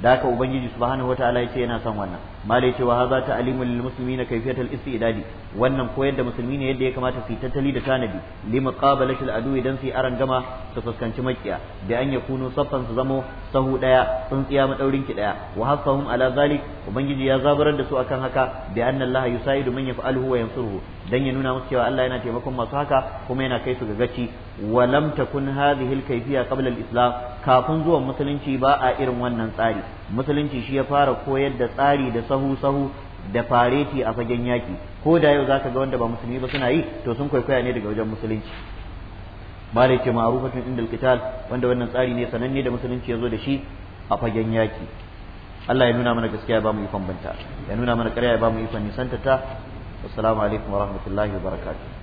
A: da haka ubangiji subhanahu wataala ce yana son wannan malai cewa haza na kaifiya muslimina kayfiyatal istidadi wannan koyar da musulmi ne yadda ya kamata su tattali da tanadi li muqabalati adu idan su aran gama su fuskanci makiya da an yakunu saffan su zamo sahu daya tsintsiya madaurin ki daya wa hasahum ala zalik ubangiji ya zabarar da su akan haka bi anna allaha yusaidu man yaf'aluhu wa yansuruhu dan ya nuna musu cewa Allah yana taimakon masu haka kuma yana kai su ga gaci wa lam takun hadhihi al kayfiya qabla al islam kafin zuwan musulunci ba a irin wannan tsari musulunci shi ya fara koyar da tsari da sahu sahu da fareti a fagen yaki ko da yau zaka ga wanda ba musulmi ba suna yi to sun kwaikwaya ne daga wajen musulunci da ce ma'rufatun indal qital wanda wannan tsari ne sananne da musulunci ya zo da shi a fagen yaki Allah ya nuna mana gaskiya ya ba mu ikon banta ya nuna mana ƙarya ya ba mu ikon nisanta ta assalamu alaikum wa rahmatullahi wa barakatuh